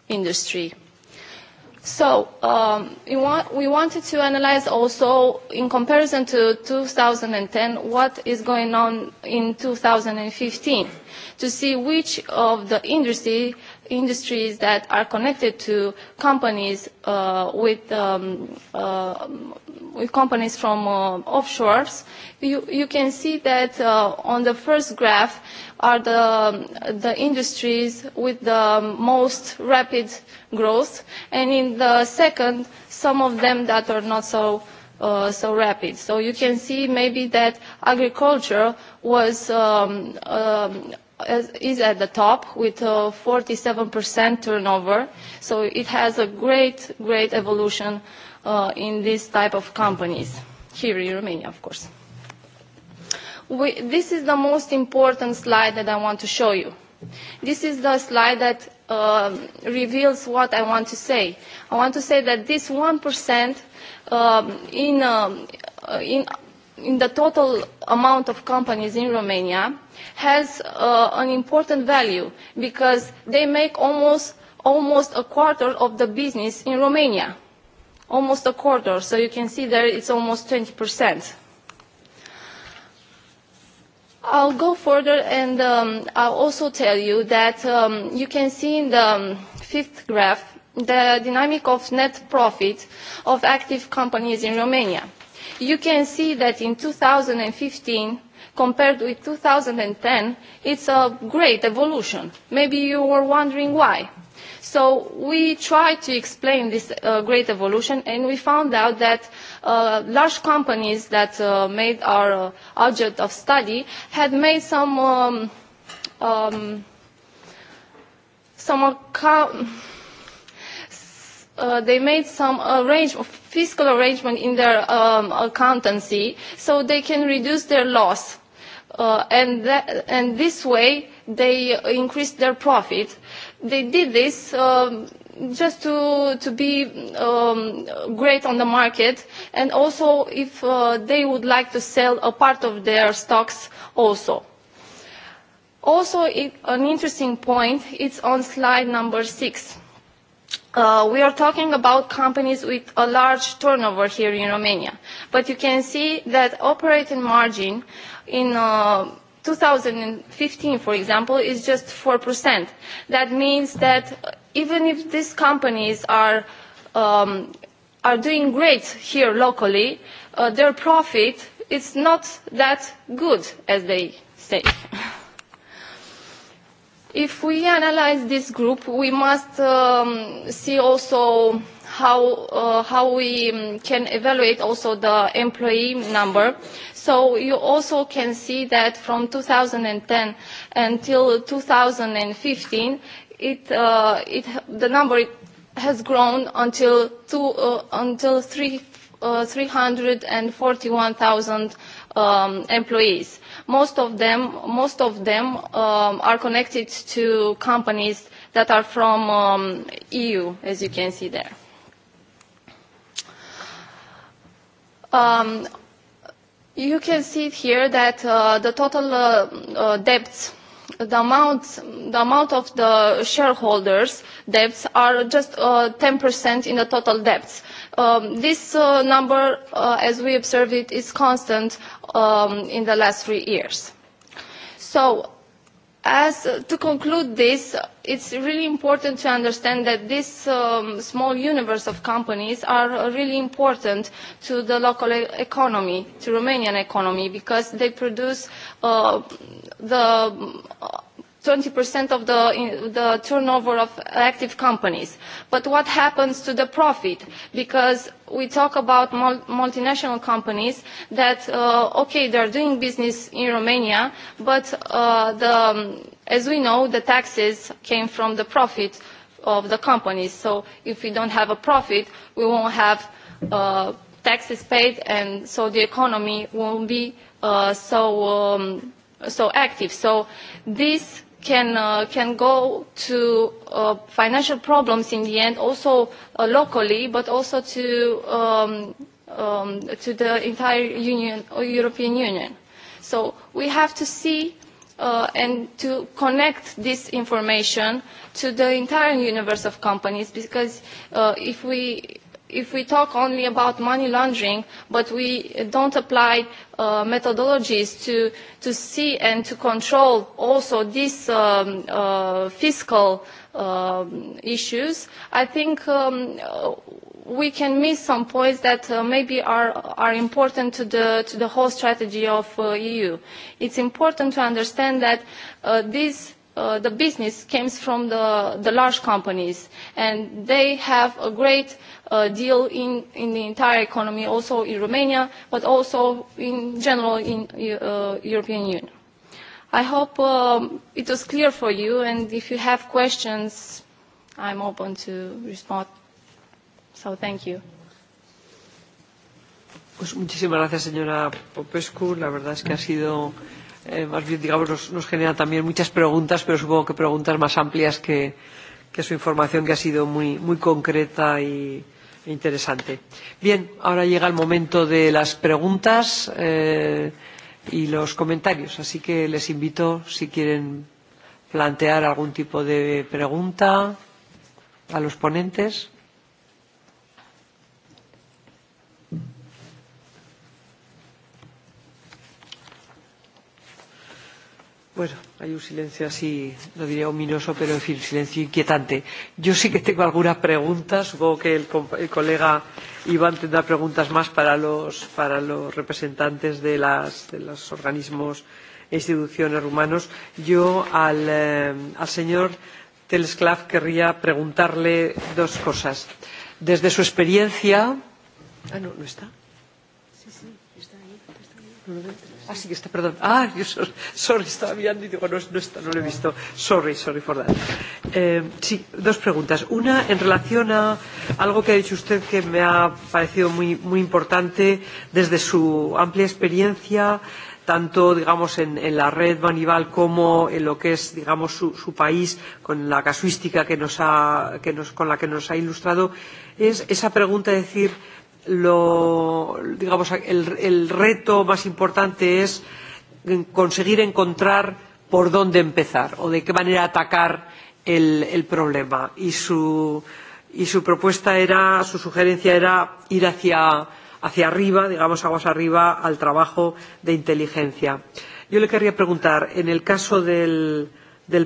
industry. So we wanted to analyze also, in comparison to 2010, what is going on in 2015, to see which of the industry industries that are connected to companies with with companies from offshores, you you can see that on the first graph are the the industries with the most rapid growth, and in the second some of them that are not so so rapid. So you can see maybe that agriculture was is at the top with a 47% turnover. So it has a great, great evolution in this type of companies here in Romania, of course. This is the most important slide that I want to show you. This is the slide that reveals what I want to say. I want to say that this 1% in in the total amount of companies in Romania has an important value because they make almost almost a quarter of the business in Romania. Almost a quarter, so you can see there it's almost 20%. I'll go further and I'll also tell you that you can see in the fifth graph the dynamic of net profit of active companies in Romania. You can see that in 2015, compared with 2010, it's a great evolution. Maybe you were wondering why. So we tried to explain this great evolution and we found out that large companies that made our object of study had made some some they made some range of fiscal arrangement in their accountancy so they can reduce their loss and this way they increase their profit. They did this just to to be great on the market and also if they would like to sell a part of their stocks also. Also an interesting point it's on slide number six We are talking about companies with a large turnover here in Romania, but you can see that operating margin in 2015, for example, is just 4%. That means that even if these companies are are doing great here locally, their profit is not that good, as they say. If we analyze this group, we must see also how how we can evaluate also the employee number. So you also can see that from 2010 until 2015, it it the number has grown until two until 341,000 employees. Most of them are connected to companies that are from EU, as you can see there. You can see here that the total debts, the amount, the amount of the shareholders' debts are just 10% in the total debts. This number, as we observed it, is constant in the last three years. So, as to conclude this, it's really important to understand that this small universe of companies are really important to the local economy, to Romanian economy, because they produce the 20% of the turnover of active companies. But what happens to the profit? Because we talk about multinational companies that, okay, they are doing business in Romania, but as we know, the taxes came from the profit of the companies. So if we don't have a profit, we won't have taxes paid, and so the economy won't be so active. So this can can go to financial problems in the end, also locally, but also to to the entire Union European Union. So we have to see and to connect this information to the entire universe of companies, because if we if we talk only about money laundering, but we don't apply methodologies to see and to control also these fiscal issues, I think we can miss some points that maybe are important to the to the whole strategy of EU. It's important to understand that these the business comes from the large companies and they have a great deal in the entire economy, also in Romania, but also in general in the European Union. I hope it was clear for you and if you have questions, I'm open to respond. So thank you. Pues gracias, señora Popescu. La verdad es que ha sido más bien digamos nos, genera también muchas preguntas, pero supongo que preguntas más amplias que, su información que ha sido muy, concreta y interesante. Bien, ahora llega el momento de las preguntas y los comentarios, así que les invito si quieren plantear algún tipo de pregunta a los ponentes. Bueno, hay un silencio así, no diría ominoso, pero en fin, silencio inquietante. Yo sí que tengo algunas preguntas. Supongo que el, el colega Iván tendrá preguntas más para los, para los representantes de, las, de los organismos e instituciones rumanos. Yo al, al señor Telesclav querría preguntarle dos cosas. Desde su experiencia. Ah, no, no está. Sí, sí, está ahí. Está ahí. Así que está, perdón. Ah, yo sorry, estaba y digo, no, no, no lo he visto. Sorry, sorry for that. sí, dos preguntas. Una, en relación a algo que ha dicho usted que me ha parecido muy, importante desde su amplia experiencia, tanto digamos en, la red Manival como en lo que es digamos su, su país con la casuística que nos ha, con la que nos ha ilustrado, es esa pregunta de decir el, reto más importante es conseguir encontrar por dónde empezar o de qué manera atacar el, problema. Y su, propuesta era, su sugerencia era ir hacia, arriba, digamos, aguas arriba, al trabajo de inteligencia. Yo le querría preguntar, en el caso del,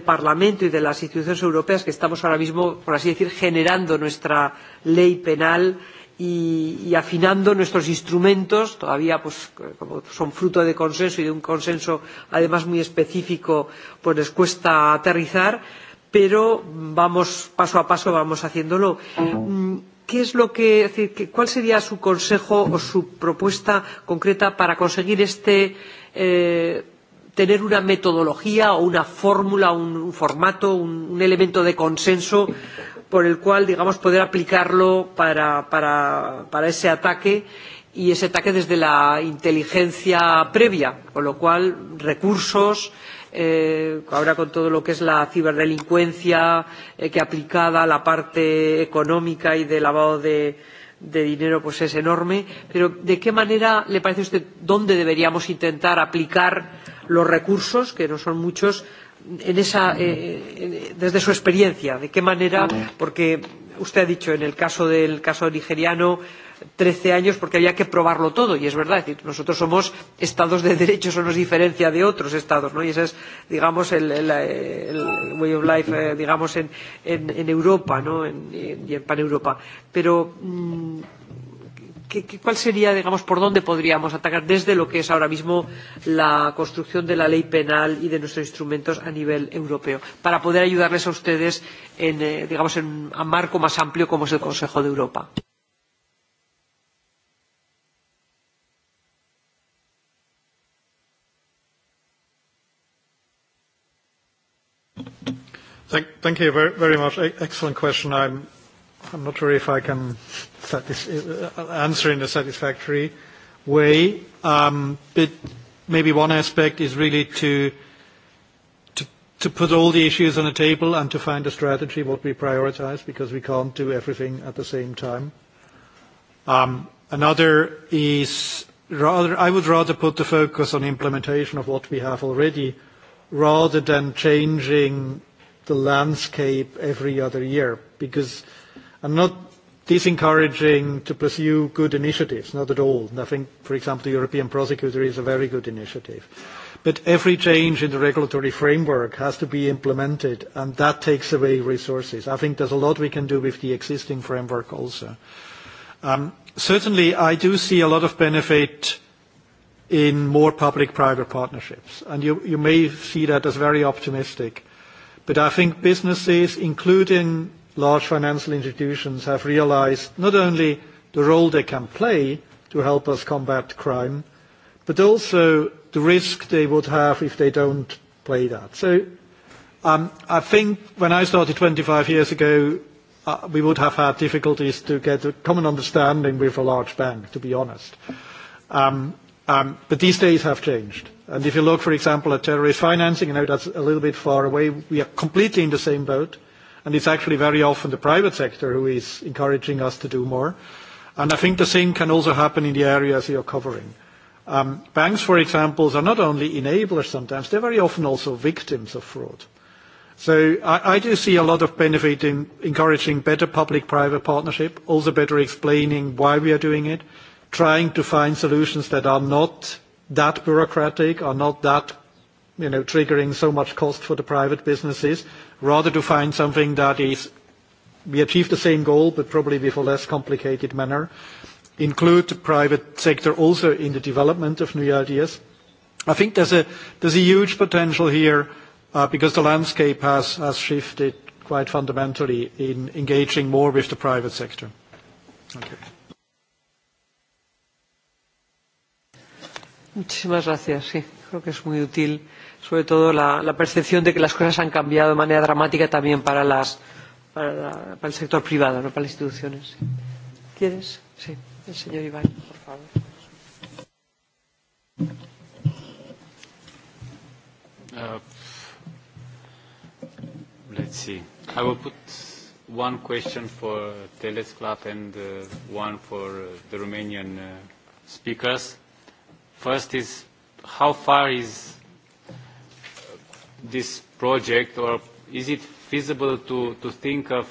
Parlamento y de las instituciones europeas, que estamos ahora mismo, por así decir, generando nuestra ley penal, y afinando nuestros instrumentos todavía pues como son fruto de consenso y de un consenso además muy específico pues les cuesta aterrizar pero vamos paso a paso vamos haciéndolo qué es lo que es decir cuál sería su consejo o su propuesta concreta para conseguir este tener una metodología o una fórmula un formato un elemento de consenso por el cual digamos poder aplicarlo para ese ataque y ese ataque desde la inteligencia previa con lo cual recursos ahora con todo lo que es la ciberdelincuencia que aplicada a la parte económica y de lavado de de dinero pues es enorme pero de qué manera le parece a usted dónde deberíamos intentar aplicar los recursos que no son muchos en esa, desde su experiencia, de qué manera, porque usted ha dicho en el caso del caso nigeriano, 13 años porque había que probarlo todo y es verdad, es decir, nosotros somos estados de derecho, eso nos diferencia de otros estados, ¿no? Y ese es, digamos, el, el, way of life, digamos, en, en, en Europa, ¿no? En, y en Pan-Europa. Pero cuál sería, digamos, por dónde podríamos atacar desde lo que es ahora mismo la construcción de la ley penal y de nuestros instrumentos a nivel europeo, para poder ayudarles a ustedes, en, digamos, en un marco más amplio como es el Consejo de Europa. Thank I'm not sure if I can answer in a satisfactory way, but maybe one aspect is really to to put all the issues on the table and to find a strategy what we prioritize because we can't do everything at the same time. Another is rather I would rather put the focus on implementation of what we have already rather than changing the landscape every other year because and not disencouraging to pursue good initiatives, not at all. I think, for example, the European Prosecutor is a very good initiative. But every change in the regulatory framework has to be implemented, and that takes away resources. I think there's a lot we can do with the existing framework also. Certainly, I do see a lot of benefit in more public-private partnerships, and you may see that as very optimistic. But I think businesses, including large financial institutions have realized not only the role they can play to help us combat crime, but also the risk they would have if they don't play that. So I think when I started 25 years ago, we would have had difficulties to get a common understanding with a large bank, to be honest. But these days have changed. And if you look, for example, at terrorist financing, I know that's a little bit far away. We are completely in the same boat and it's actually very often the private sector who is encouraging us to do more. And I think the same can also happen in the areas you're covering. Banks, for example, are not only enablers sometimes, they're very often also victims of fraud. So I do see a lot of benefit in encouraging better public-private partnership, also better explaining why we are doing it, trying to find solutions that are not that bureaucratic, are not that triggering so much cost for the private businesses, rather to find something that is we achieve the same goal but probably with a less complicated manner, include the private sector also in the development of new ideas. I think there's a huge potential here because the landscape has shifted quite fundamentally in engaging more with the private sector sobre todo la, la percepción de que las cosas han cambiado de manera dramática también para, las, para, la, para el sector privado, no para las instituciones. ¿Quieres? Sí, el señor Iván, por favor. let's see. I will put one question for Teles Club and one for the Romanian speakers. First is, how far is this project, or is it feasible to to think of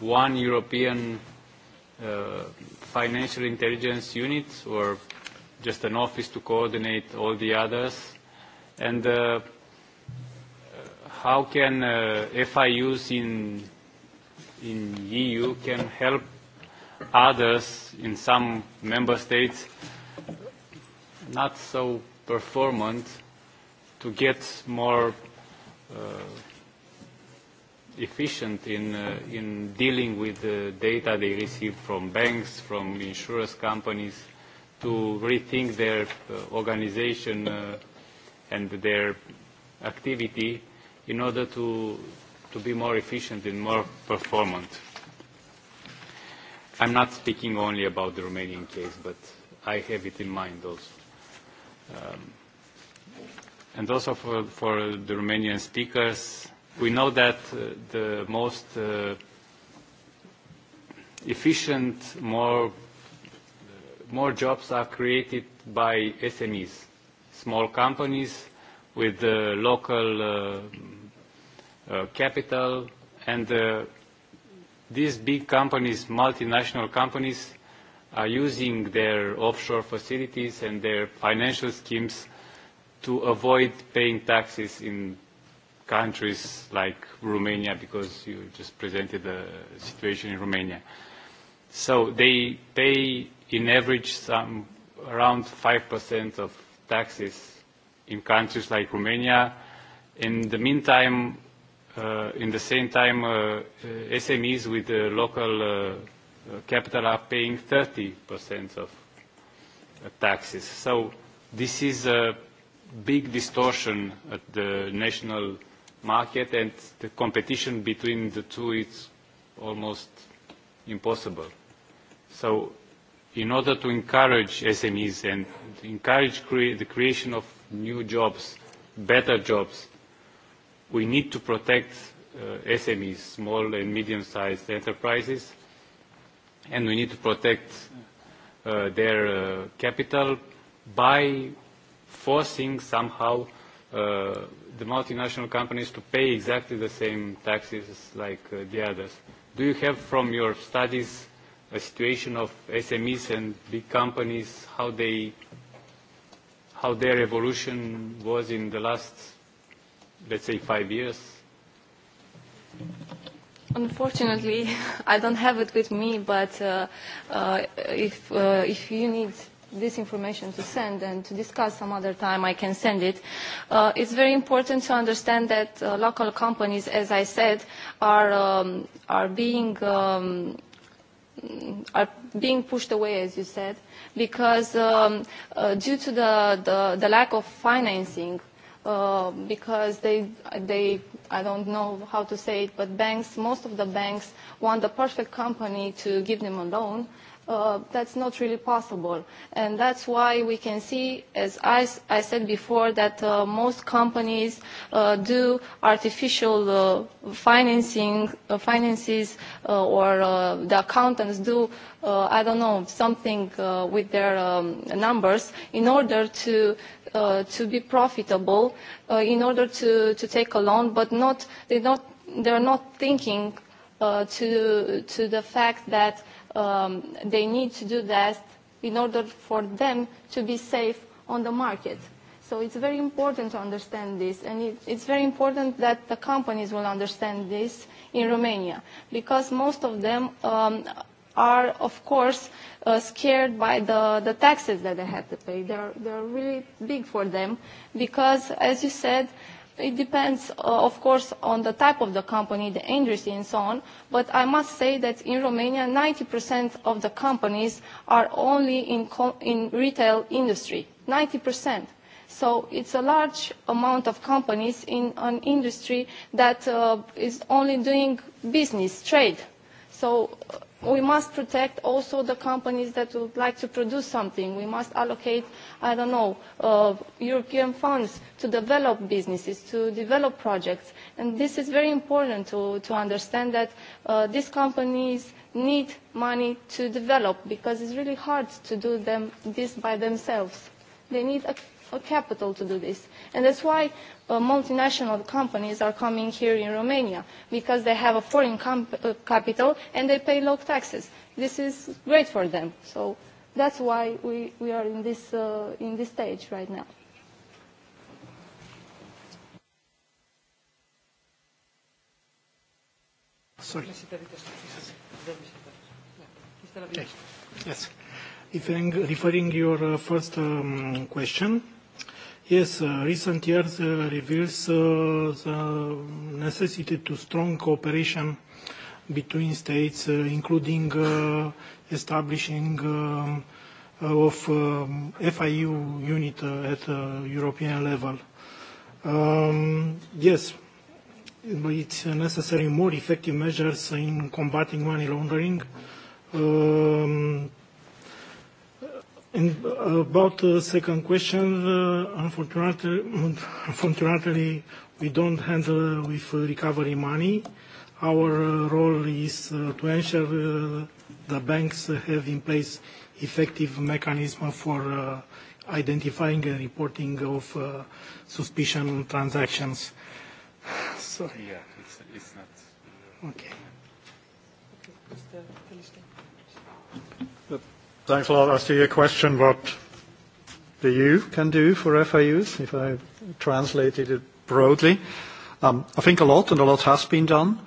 one European financial intelligence unit, or just an office to coordinate all the others? And how can FIUs in in EU can help others in some member states not so performant to get more efficient in in dealing with the data they receive from banks, from insurance companies, to rethink their organization and their activity in order to to be more efficient and more performant. I'm not speaking only about the Romanian case, but I have it in mind also and also for the Romanian speakers. We know that the most efficient, more more jobs are created by SMEs, small companies with local capital, and these big companies, multinational companies, are using their offshore facilities and their financial schemes to avoid paying taxes in countries like Romania, because you just presented the situation in Romania. So they pay in average some around 5% of taxes in countries like Romania. In the meantime, in the same time, SMEs with local capital are paying 30% of taxes. So this is a big distortion at the national market and the competition between the two is almost impossible. So in order to encourage SMEs and encourage the creation of new jobs, better jobs, we need to protect SMEs, small and medium-sized enterprises, and we need to protect their capital by forcing somehow the multinational companies to pay exactly the same taxes like the others. Do you have from your studies a situation of SMEs and big companies, how they how their evolution was in the last, let's say, five years? Unfortunately, I don't have it with me, but if if you need this information to send and to discuss some other time I can send it. It's very important to understand that local companies, as I said, are are being are being pushed away, as you said, because due to the the lack of financing, because they they I don't know how to say it, but banks, most of the banks want the perfect company to give them a loan that's not really possible. And that's why we can see, as I said before, that most companies do artificial financing finances or the accountants do, I don't know, something with their numbers in order to to be profitable, in order to to take a loan, but not they not they're not thinking to to the fact that they need to do that in order for them to be safe on the market. So it's very important to understand this, and it's very important that the companies will understand this in Romania, because most of them are, of course, scared by the taxes that they have to pay. They're really big for them, because, as you said, It depends, of course, on the type of the company, the industry, and so on. But I must say that in Romania, 90% of the companies are only in retail industry. 90%. So it's a large amount of companies in an industry that is only doing business, trade. So we must protect also the companies that would like to produce something. We must allocate, I don't know, European funds to develop businesses, to develop projects. And this is very important to understand that these companies need money to develop because it's really hard to do them this by themselves. They need a capital to do this. And that's why multinational companies are coming here in Romania because they have a foreign capital and they pay low taxes. This is great for them. So that's why we, we are in this, in this stage right now. Sorry. Yes. Referring, referring your first question, Yes, recent years reveals the necessity to strong cooperation between states, including establishing of FIU unit at European level. Yes, it's necessary more effective measures in combating money laundering About the second question, unfortunately, we don't handle with recovery money. Our role is to ensure the banks have in place effective mechanism for identifying and reporting of suspicion transactions. Sorry. Yeah, it's not. Okay. Thanks a lot. As to your question, what the EU can do for FIUs if I translated it broadly, I think a lot, and a lot has been done.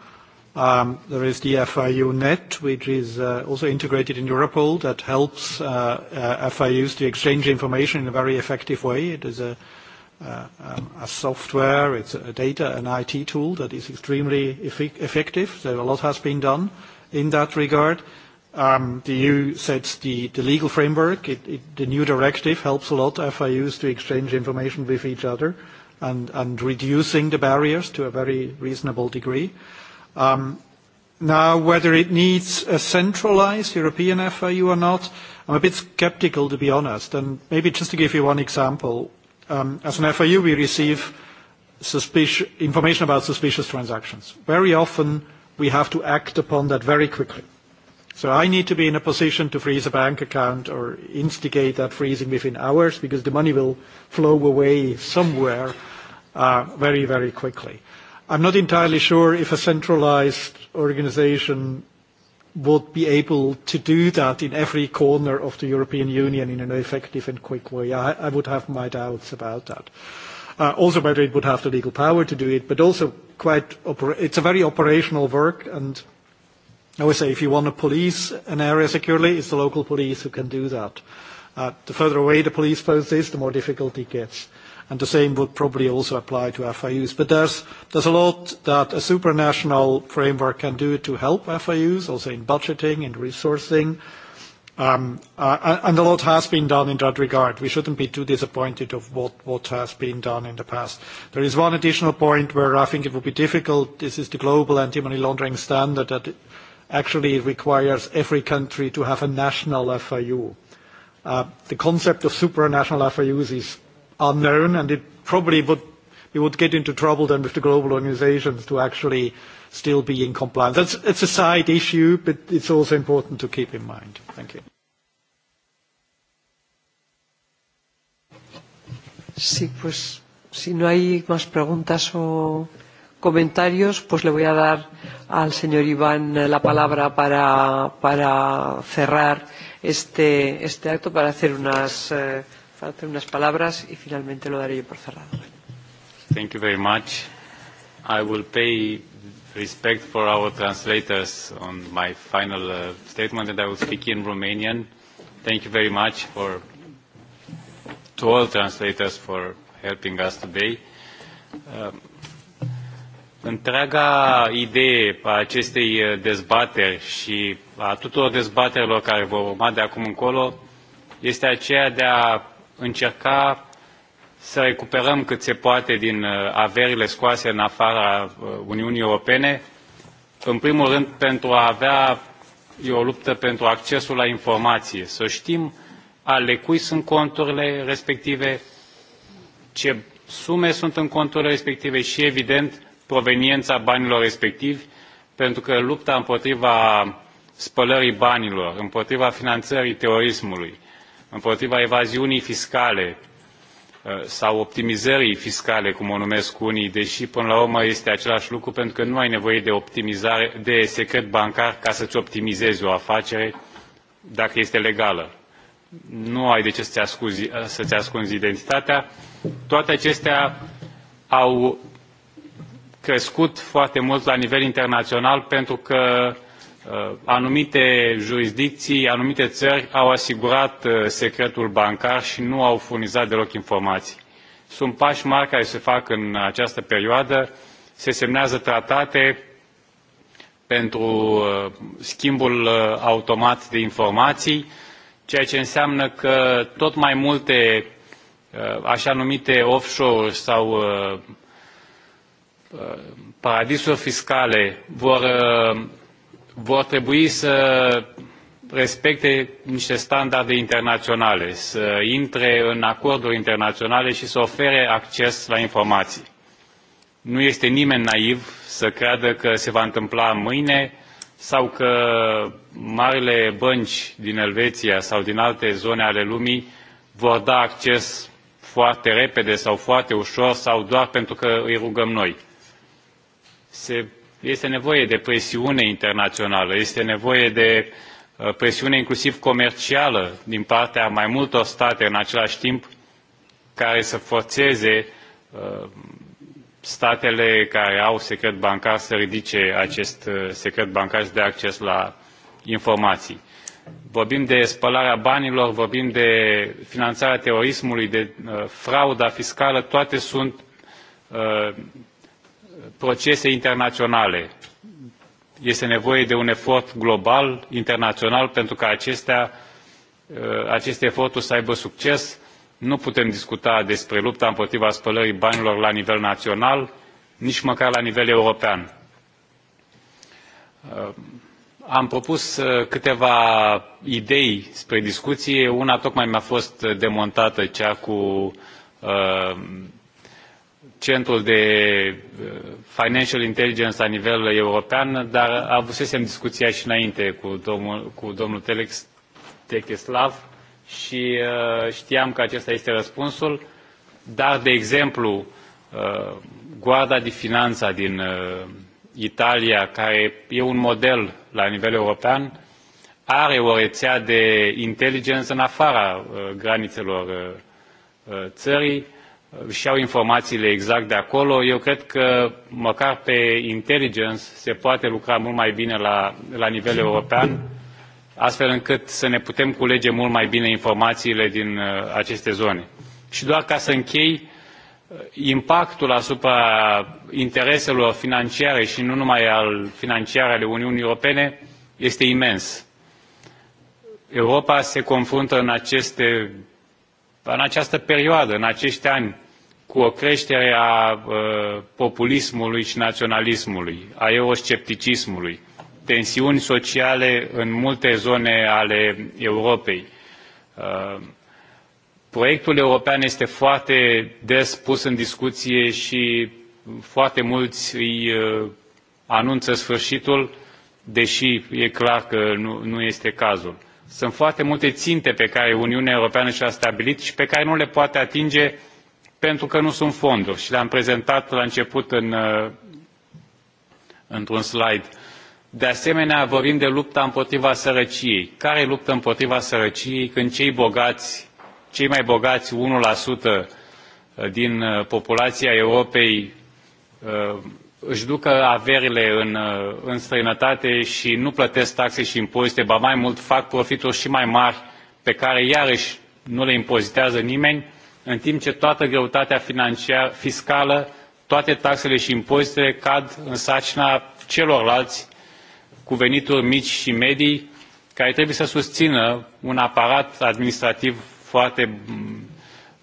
There is the FIU net, which is also integrated in Europol, that helps FIUs to exchange information in a very effective way. It is a software, it's a data and IT tool that is extremely effective. So a lot has been done in that regard. The EU sets the legal framework. The new directive helps a lot FIUs to exchange information with each other and reducing the barriers to a very reasonable degree. Now, whether it needs a centralized European FIU or not, I'm a bit skeptical, to be honest. And maybe just to give you one example, as an FIU, we receive information about suspicious transactions. Very often, we have to act upon that very quickly. So I need to be in a position to freeze a bank account or instigate that freezing within hours because the money will flow away somewhere very, very quickly. I'm not entirely sure if a centralized organization would be able to do that in every corner of the European Union in an effective and quick way. I would have my doubts about that. Also whether it would have the legal power to do it, but also quite it's a very operational work and I always say if you want to police an area securely, it's the local police who can do that. The further away the police post is, the more difficult it gets. And the same would probably also apply to FIUs. But there's a lot that a supranational framework can do to help FIUs, also in budgeting and resourcing. And a lot has been done in that regard. We shouldn't be too disappointed of what has been done in the past. There is one additional point where I think it would be difficult. This is the global anti-money laundering standard that actually requires every country to have a national FIU. The concept of supranational FIUs is unknown, and it probably would we would get into trouble then with the global organizations to actually still be in compliance. It's a side issue, but it's also important to keep in mind. Thank you. Sí, pues si no hay más preguntas o comentarios, pues le voy a dar al señor Iván la palabra para, para cerrar este, este acto, para hacer, unas, para hacer unas palabras y finalmente lo daré yo por cerrado. Thank you very much. I will pay respect for our translators on my final statement and I will speak in Romanian. Thank you very much for, to all translators for helping us today. Um, Întreaga idee a acestei dezbateri și a tuturor dezbaterilor care vor urma de acum încolo este aceea de a încerca să recuperăm cât se poate din averile scoase în afara Uniunii Europene, în primul rând pentru a avea e o luptă pentru accesul la informație, să știm ale cui sunt conturile respective, ce sume sunt în conturile respective și, evident, proveniența banilor respectivi, pentru că lupta împotriva spălării banilor, împotriva finanțării terorismului, împotriva evaziunii fiscale sau optimizării fiscale, cum o numesc unii, deși până la urmă este același lucru, pentru că nu ai nevoie de, optimizare, de secret bancar ca să-ți optimizezi o afacere dacă este legală. Nu ai de ce să-ți ascunzi, să ascunzi identitatea. Toate acestea au crescut foarte mult la nivel internațional pentru că anumite jurisdicții, anumite țări au asigurat secretul bancar și nu au furnizat deloc informații. Sunt pași mari care se fac în această perioadă, se semnează tratate pentru schimbul automat de informații, ceea ce înseamnă că tot mai multe așa numite offshore sau paradisuri fiscale vor trebui să respecte niște standarde internaționale, să intre în acorduri internaționale și să ofere acces la informații. Nu este nimeni naiv să creadă că se va întâmpla mâine sau că marile bănci din Elveția sau din alte zone ale lumii vor da acces foarte repede sau foarte ușor sau doar pentru că îi rugăm noi este nevoie de presiune internațională, este nevoie de presiune inclusiv comercială din partea mai multor state în același timp care să forțeze statele care au secret bancar să ridice acest secret bancar și de acces la informații. Vorbim de spălarea banilor, vorbim de finanțarea terorismului, de frauda fiscală, toate sunt procese internaționale. Este nevoie de un efort global, internațional, pentru ca acestea, aceste eforturi să aibă succes. Nu putem discuta despre lupta împotriva spălării banilor la nivel național, nici măcar la nivel european. Am propus câteva idei spre discuție. Una tocmai mi-a fost demontată, cea cu centrul de financial intelligence la nivel european, dar avusesem discuția și înainte cu domnul, cu domnul Telex Techeslav și știam că acesta este răspunsul, dar, de exemplu, Guarda de Finanța din Italia, care e un model la nivel european, are o rețea de inteligență în afara granițelor țării, și au informațiile exact de acolo. Eu cred că măcar pe intelligence se poate lucra mult mai bine la, la nivel european, astfel încât să ne putem culege mult mai bine informațiile din aceste zone. Și doar ca să închei, impactul asupra intereselor financiare și nu numai al financiare ale Uniunii Europene este imens. Europa se confruntă în, aceste, în această perioadă, în acești ani, cu o creștere a populismului și naționalismului, a euroscepticismului, tensiuni sociale în multe zone ale Europei. Proiectul european este foarte des pus în discuție și foarte mulți îi anunță sfârșitul, deși e clar că nu este cazul. Sunt foarte multe ținte pe care Uniunea Europeană și-a stabilit și pe care nu le poate atinge pentru că nu sunt fonduri și le-am prezentat la început într-un slide. De asemenea, vorbim de lupta împotriva sărăciei. Care luptă împotriva sărăciei când cei bogați, cei mai bogați 1% din populația Europei își ducă averile în, în străinătate și nu plătesc taxe și impozite, ba mai mult fac profituri și mai mari pe care iarăși nu le impozitează nimeni în timp ce toată greutatea fiscală, toate taxele și impozitele cad în sacina celorlalți cu venituri mici și medii, care trebuie să susțină un aparat administrativ foarte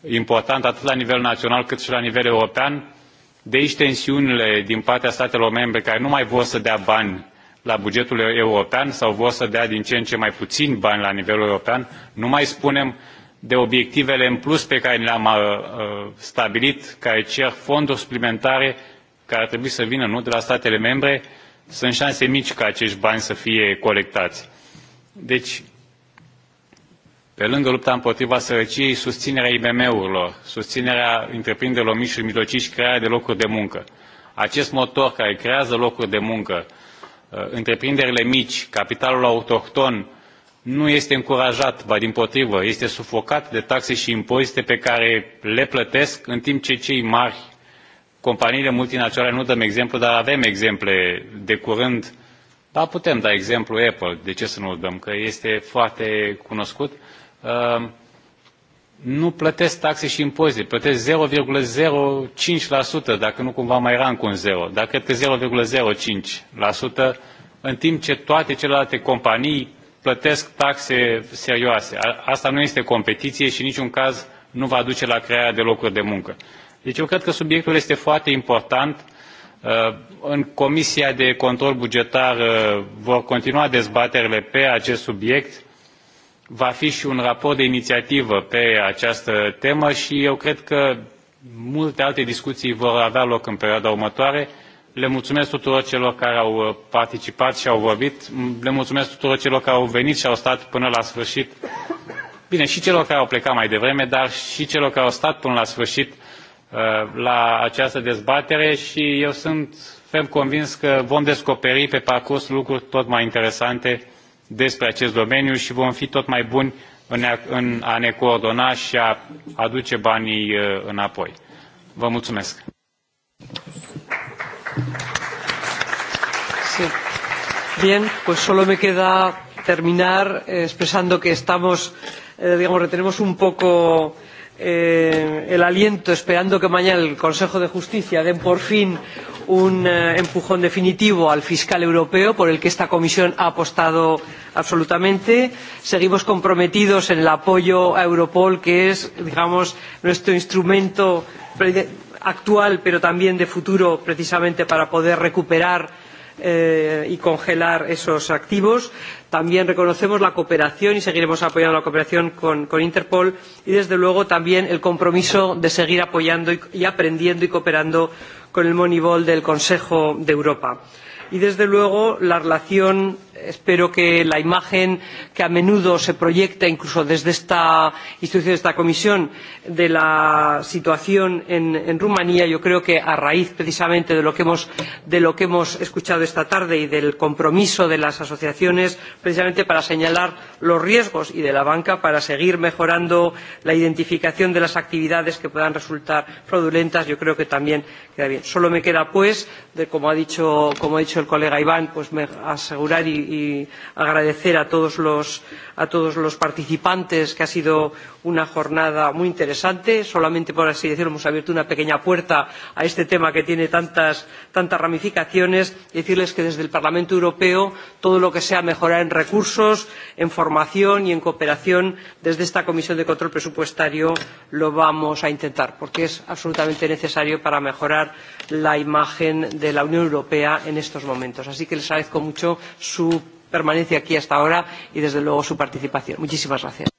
important, atât la nivel național cât și la nivel european. De aici tensiunile din partea statelor membre care nu mai vor să dea bani la bugetul european sau vor să dea din ce în ce mai puțini bani la nivelul european. Nu mai spunem de obiectivele în plus pe care le-am stabilit, care cer fonduri suplimentare care ar trebui să vină nu de la statele membre, sunt șanse mici ca acești bani să fie colectați. Deci, pe lângă lupta împotriva sărăciei, susținerea IMM-urilor, susținerea întreprinderilor mici și mijlocii și crearea de locuri de muncă. Acest motor care creează locuri de muncă, întreprinderile mici, capitalul autohton, nu este încurajat, ba dimpotrivă, este sufocat de taxe și impozite pe care le plătesc, în timp ce cei mari, companiile multinaționale, nu dăm exemplu, dar avem exemple de curând, da, putem da exemplu Apple, de ce să nu-l dăm, că este foarte cunoscut, nu plătesc taxe și impozite, plătesc 0,05%, dacă nu cumva mai rancu un 0, dar cred că 0,05%, în timp ce toate celelalte companii plătesc taxe serioase. Asta nu este competiție și în niciun caz nu va duce la crearea de locuri de muncă. Deci eu cred că subiectul este foarte important. În Comisia de Control Bugetar vor continua dezbaterile pe acest subiect. Va fi și un raport de inițiativă pe această temă și eu cred că multe alte discuții vor avea loc în perioada următoare Le mulțumesc tuturor celor care au participat și au vorbit. Le mulțumesc tuturor celor care au venit și au stat până la sfârșit. Bine, și celor care au plecat mai devreme, dar și celor care au stat până la sfârșit la această dezbatere și eu sunt ferm convins că vom descoperi pe parcurs lucruri tot mai interesante despre acest domeniu și vom fi tot mai buni în a ne coordona și a aduce banii înapoi. Vă mulțumesc! Bien, pues solo me queda terminar expresando que estamos, digamos, retenemos un poco el aliento esperando que mañana el Consejo de Justicia dé por fin un empujón definitivo al fiscal europeo por el que esta comisión ha apostado absolutamente. Seguimos comprometidos en el apoyo a Europol, que es, digamos, nuestro instrumento actual pero también de futuro precisamente para poder recuperar y congelar esos activos. También reconocemos la cooperación y seguiremos apoyando la cooperación con Interpol y, desde luego, también el compromiso de seguir apoyando y aprendiendo y cooperando con el Moneyball del Consejo de Europa. Y, desde luego, la relación espero que la imagen que a menudo se proyecta incluso desde esta institución de esta comisión de la situación en rumanía yo creo que a raíz precisamente de lo que hemos escuchado esta tarde y del compromiso de las asociaciones precisamente para señalar los riesgos y de la banca para seguir mejorando la identificación de las actividades que puedan resultar fraudulentas yo creo que también queda bien. solo me queda pues como ha dicho el colega iván asegurar y agradecer a todos los participantes que ha sido una jornada muy interesante. Solamente, por así decirlo, hemos abierto una pequeña puerta a este tema que tiene tantas ramificaciones. y Decirles que desde el Parlamento Europeo todo lo que sea mejorar en recursos, en formación y en cooperación desde esta Comisión de Control Presupuestario lo vamos a intentar porque es absolutamente necesario para mejorar la imagen de la Unión Europea en estos momentos. Así que les agradezco mucho su permanencia aquí hasta ahora y, desde luego, su participación. Muchísimas gracias.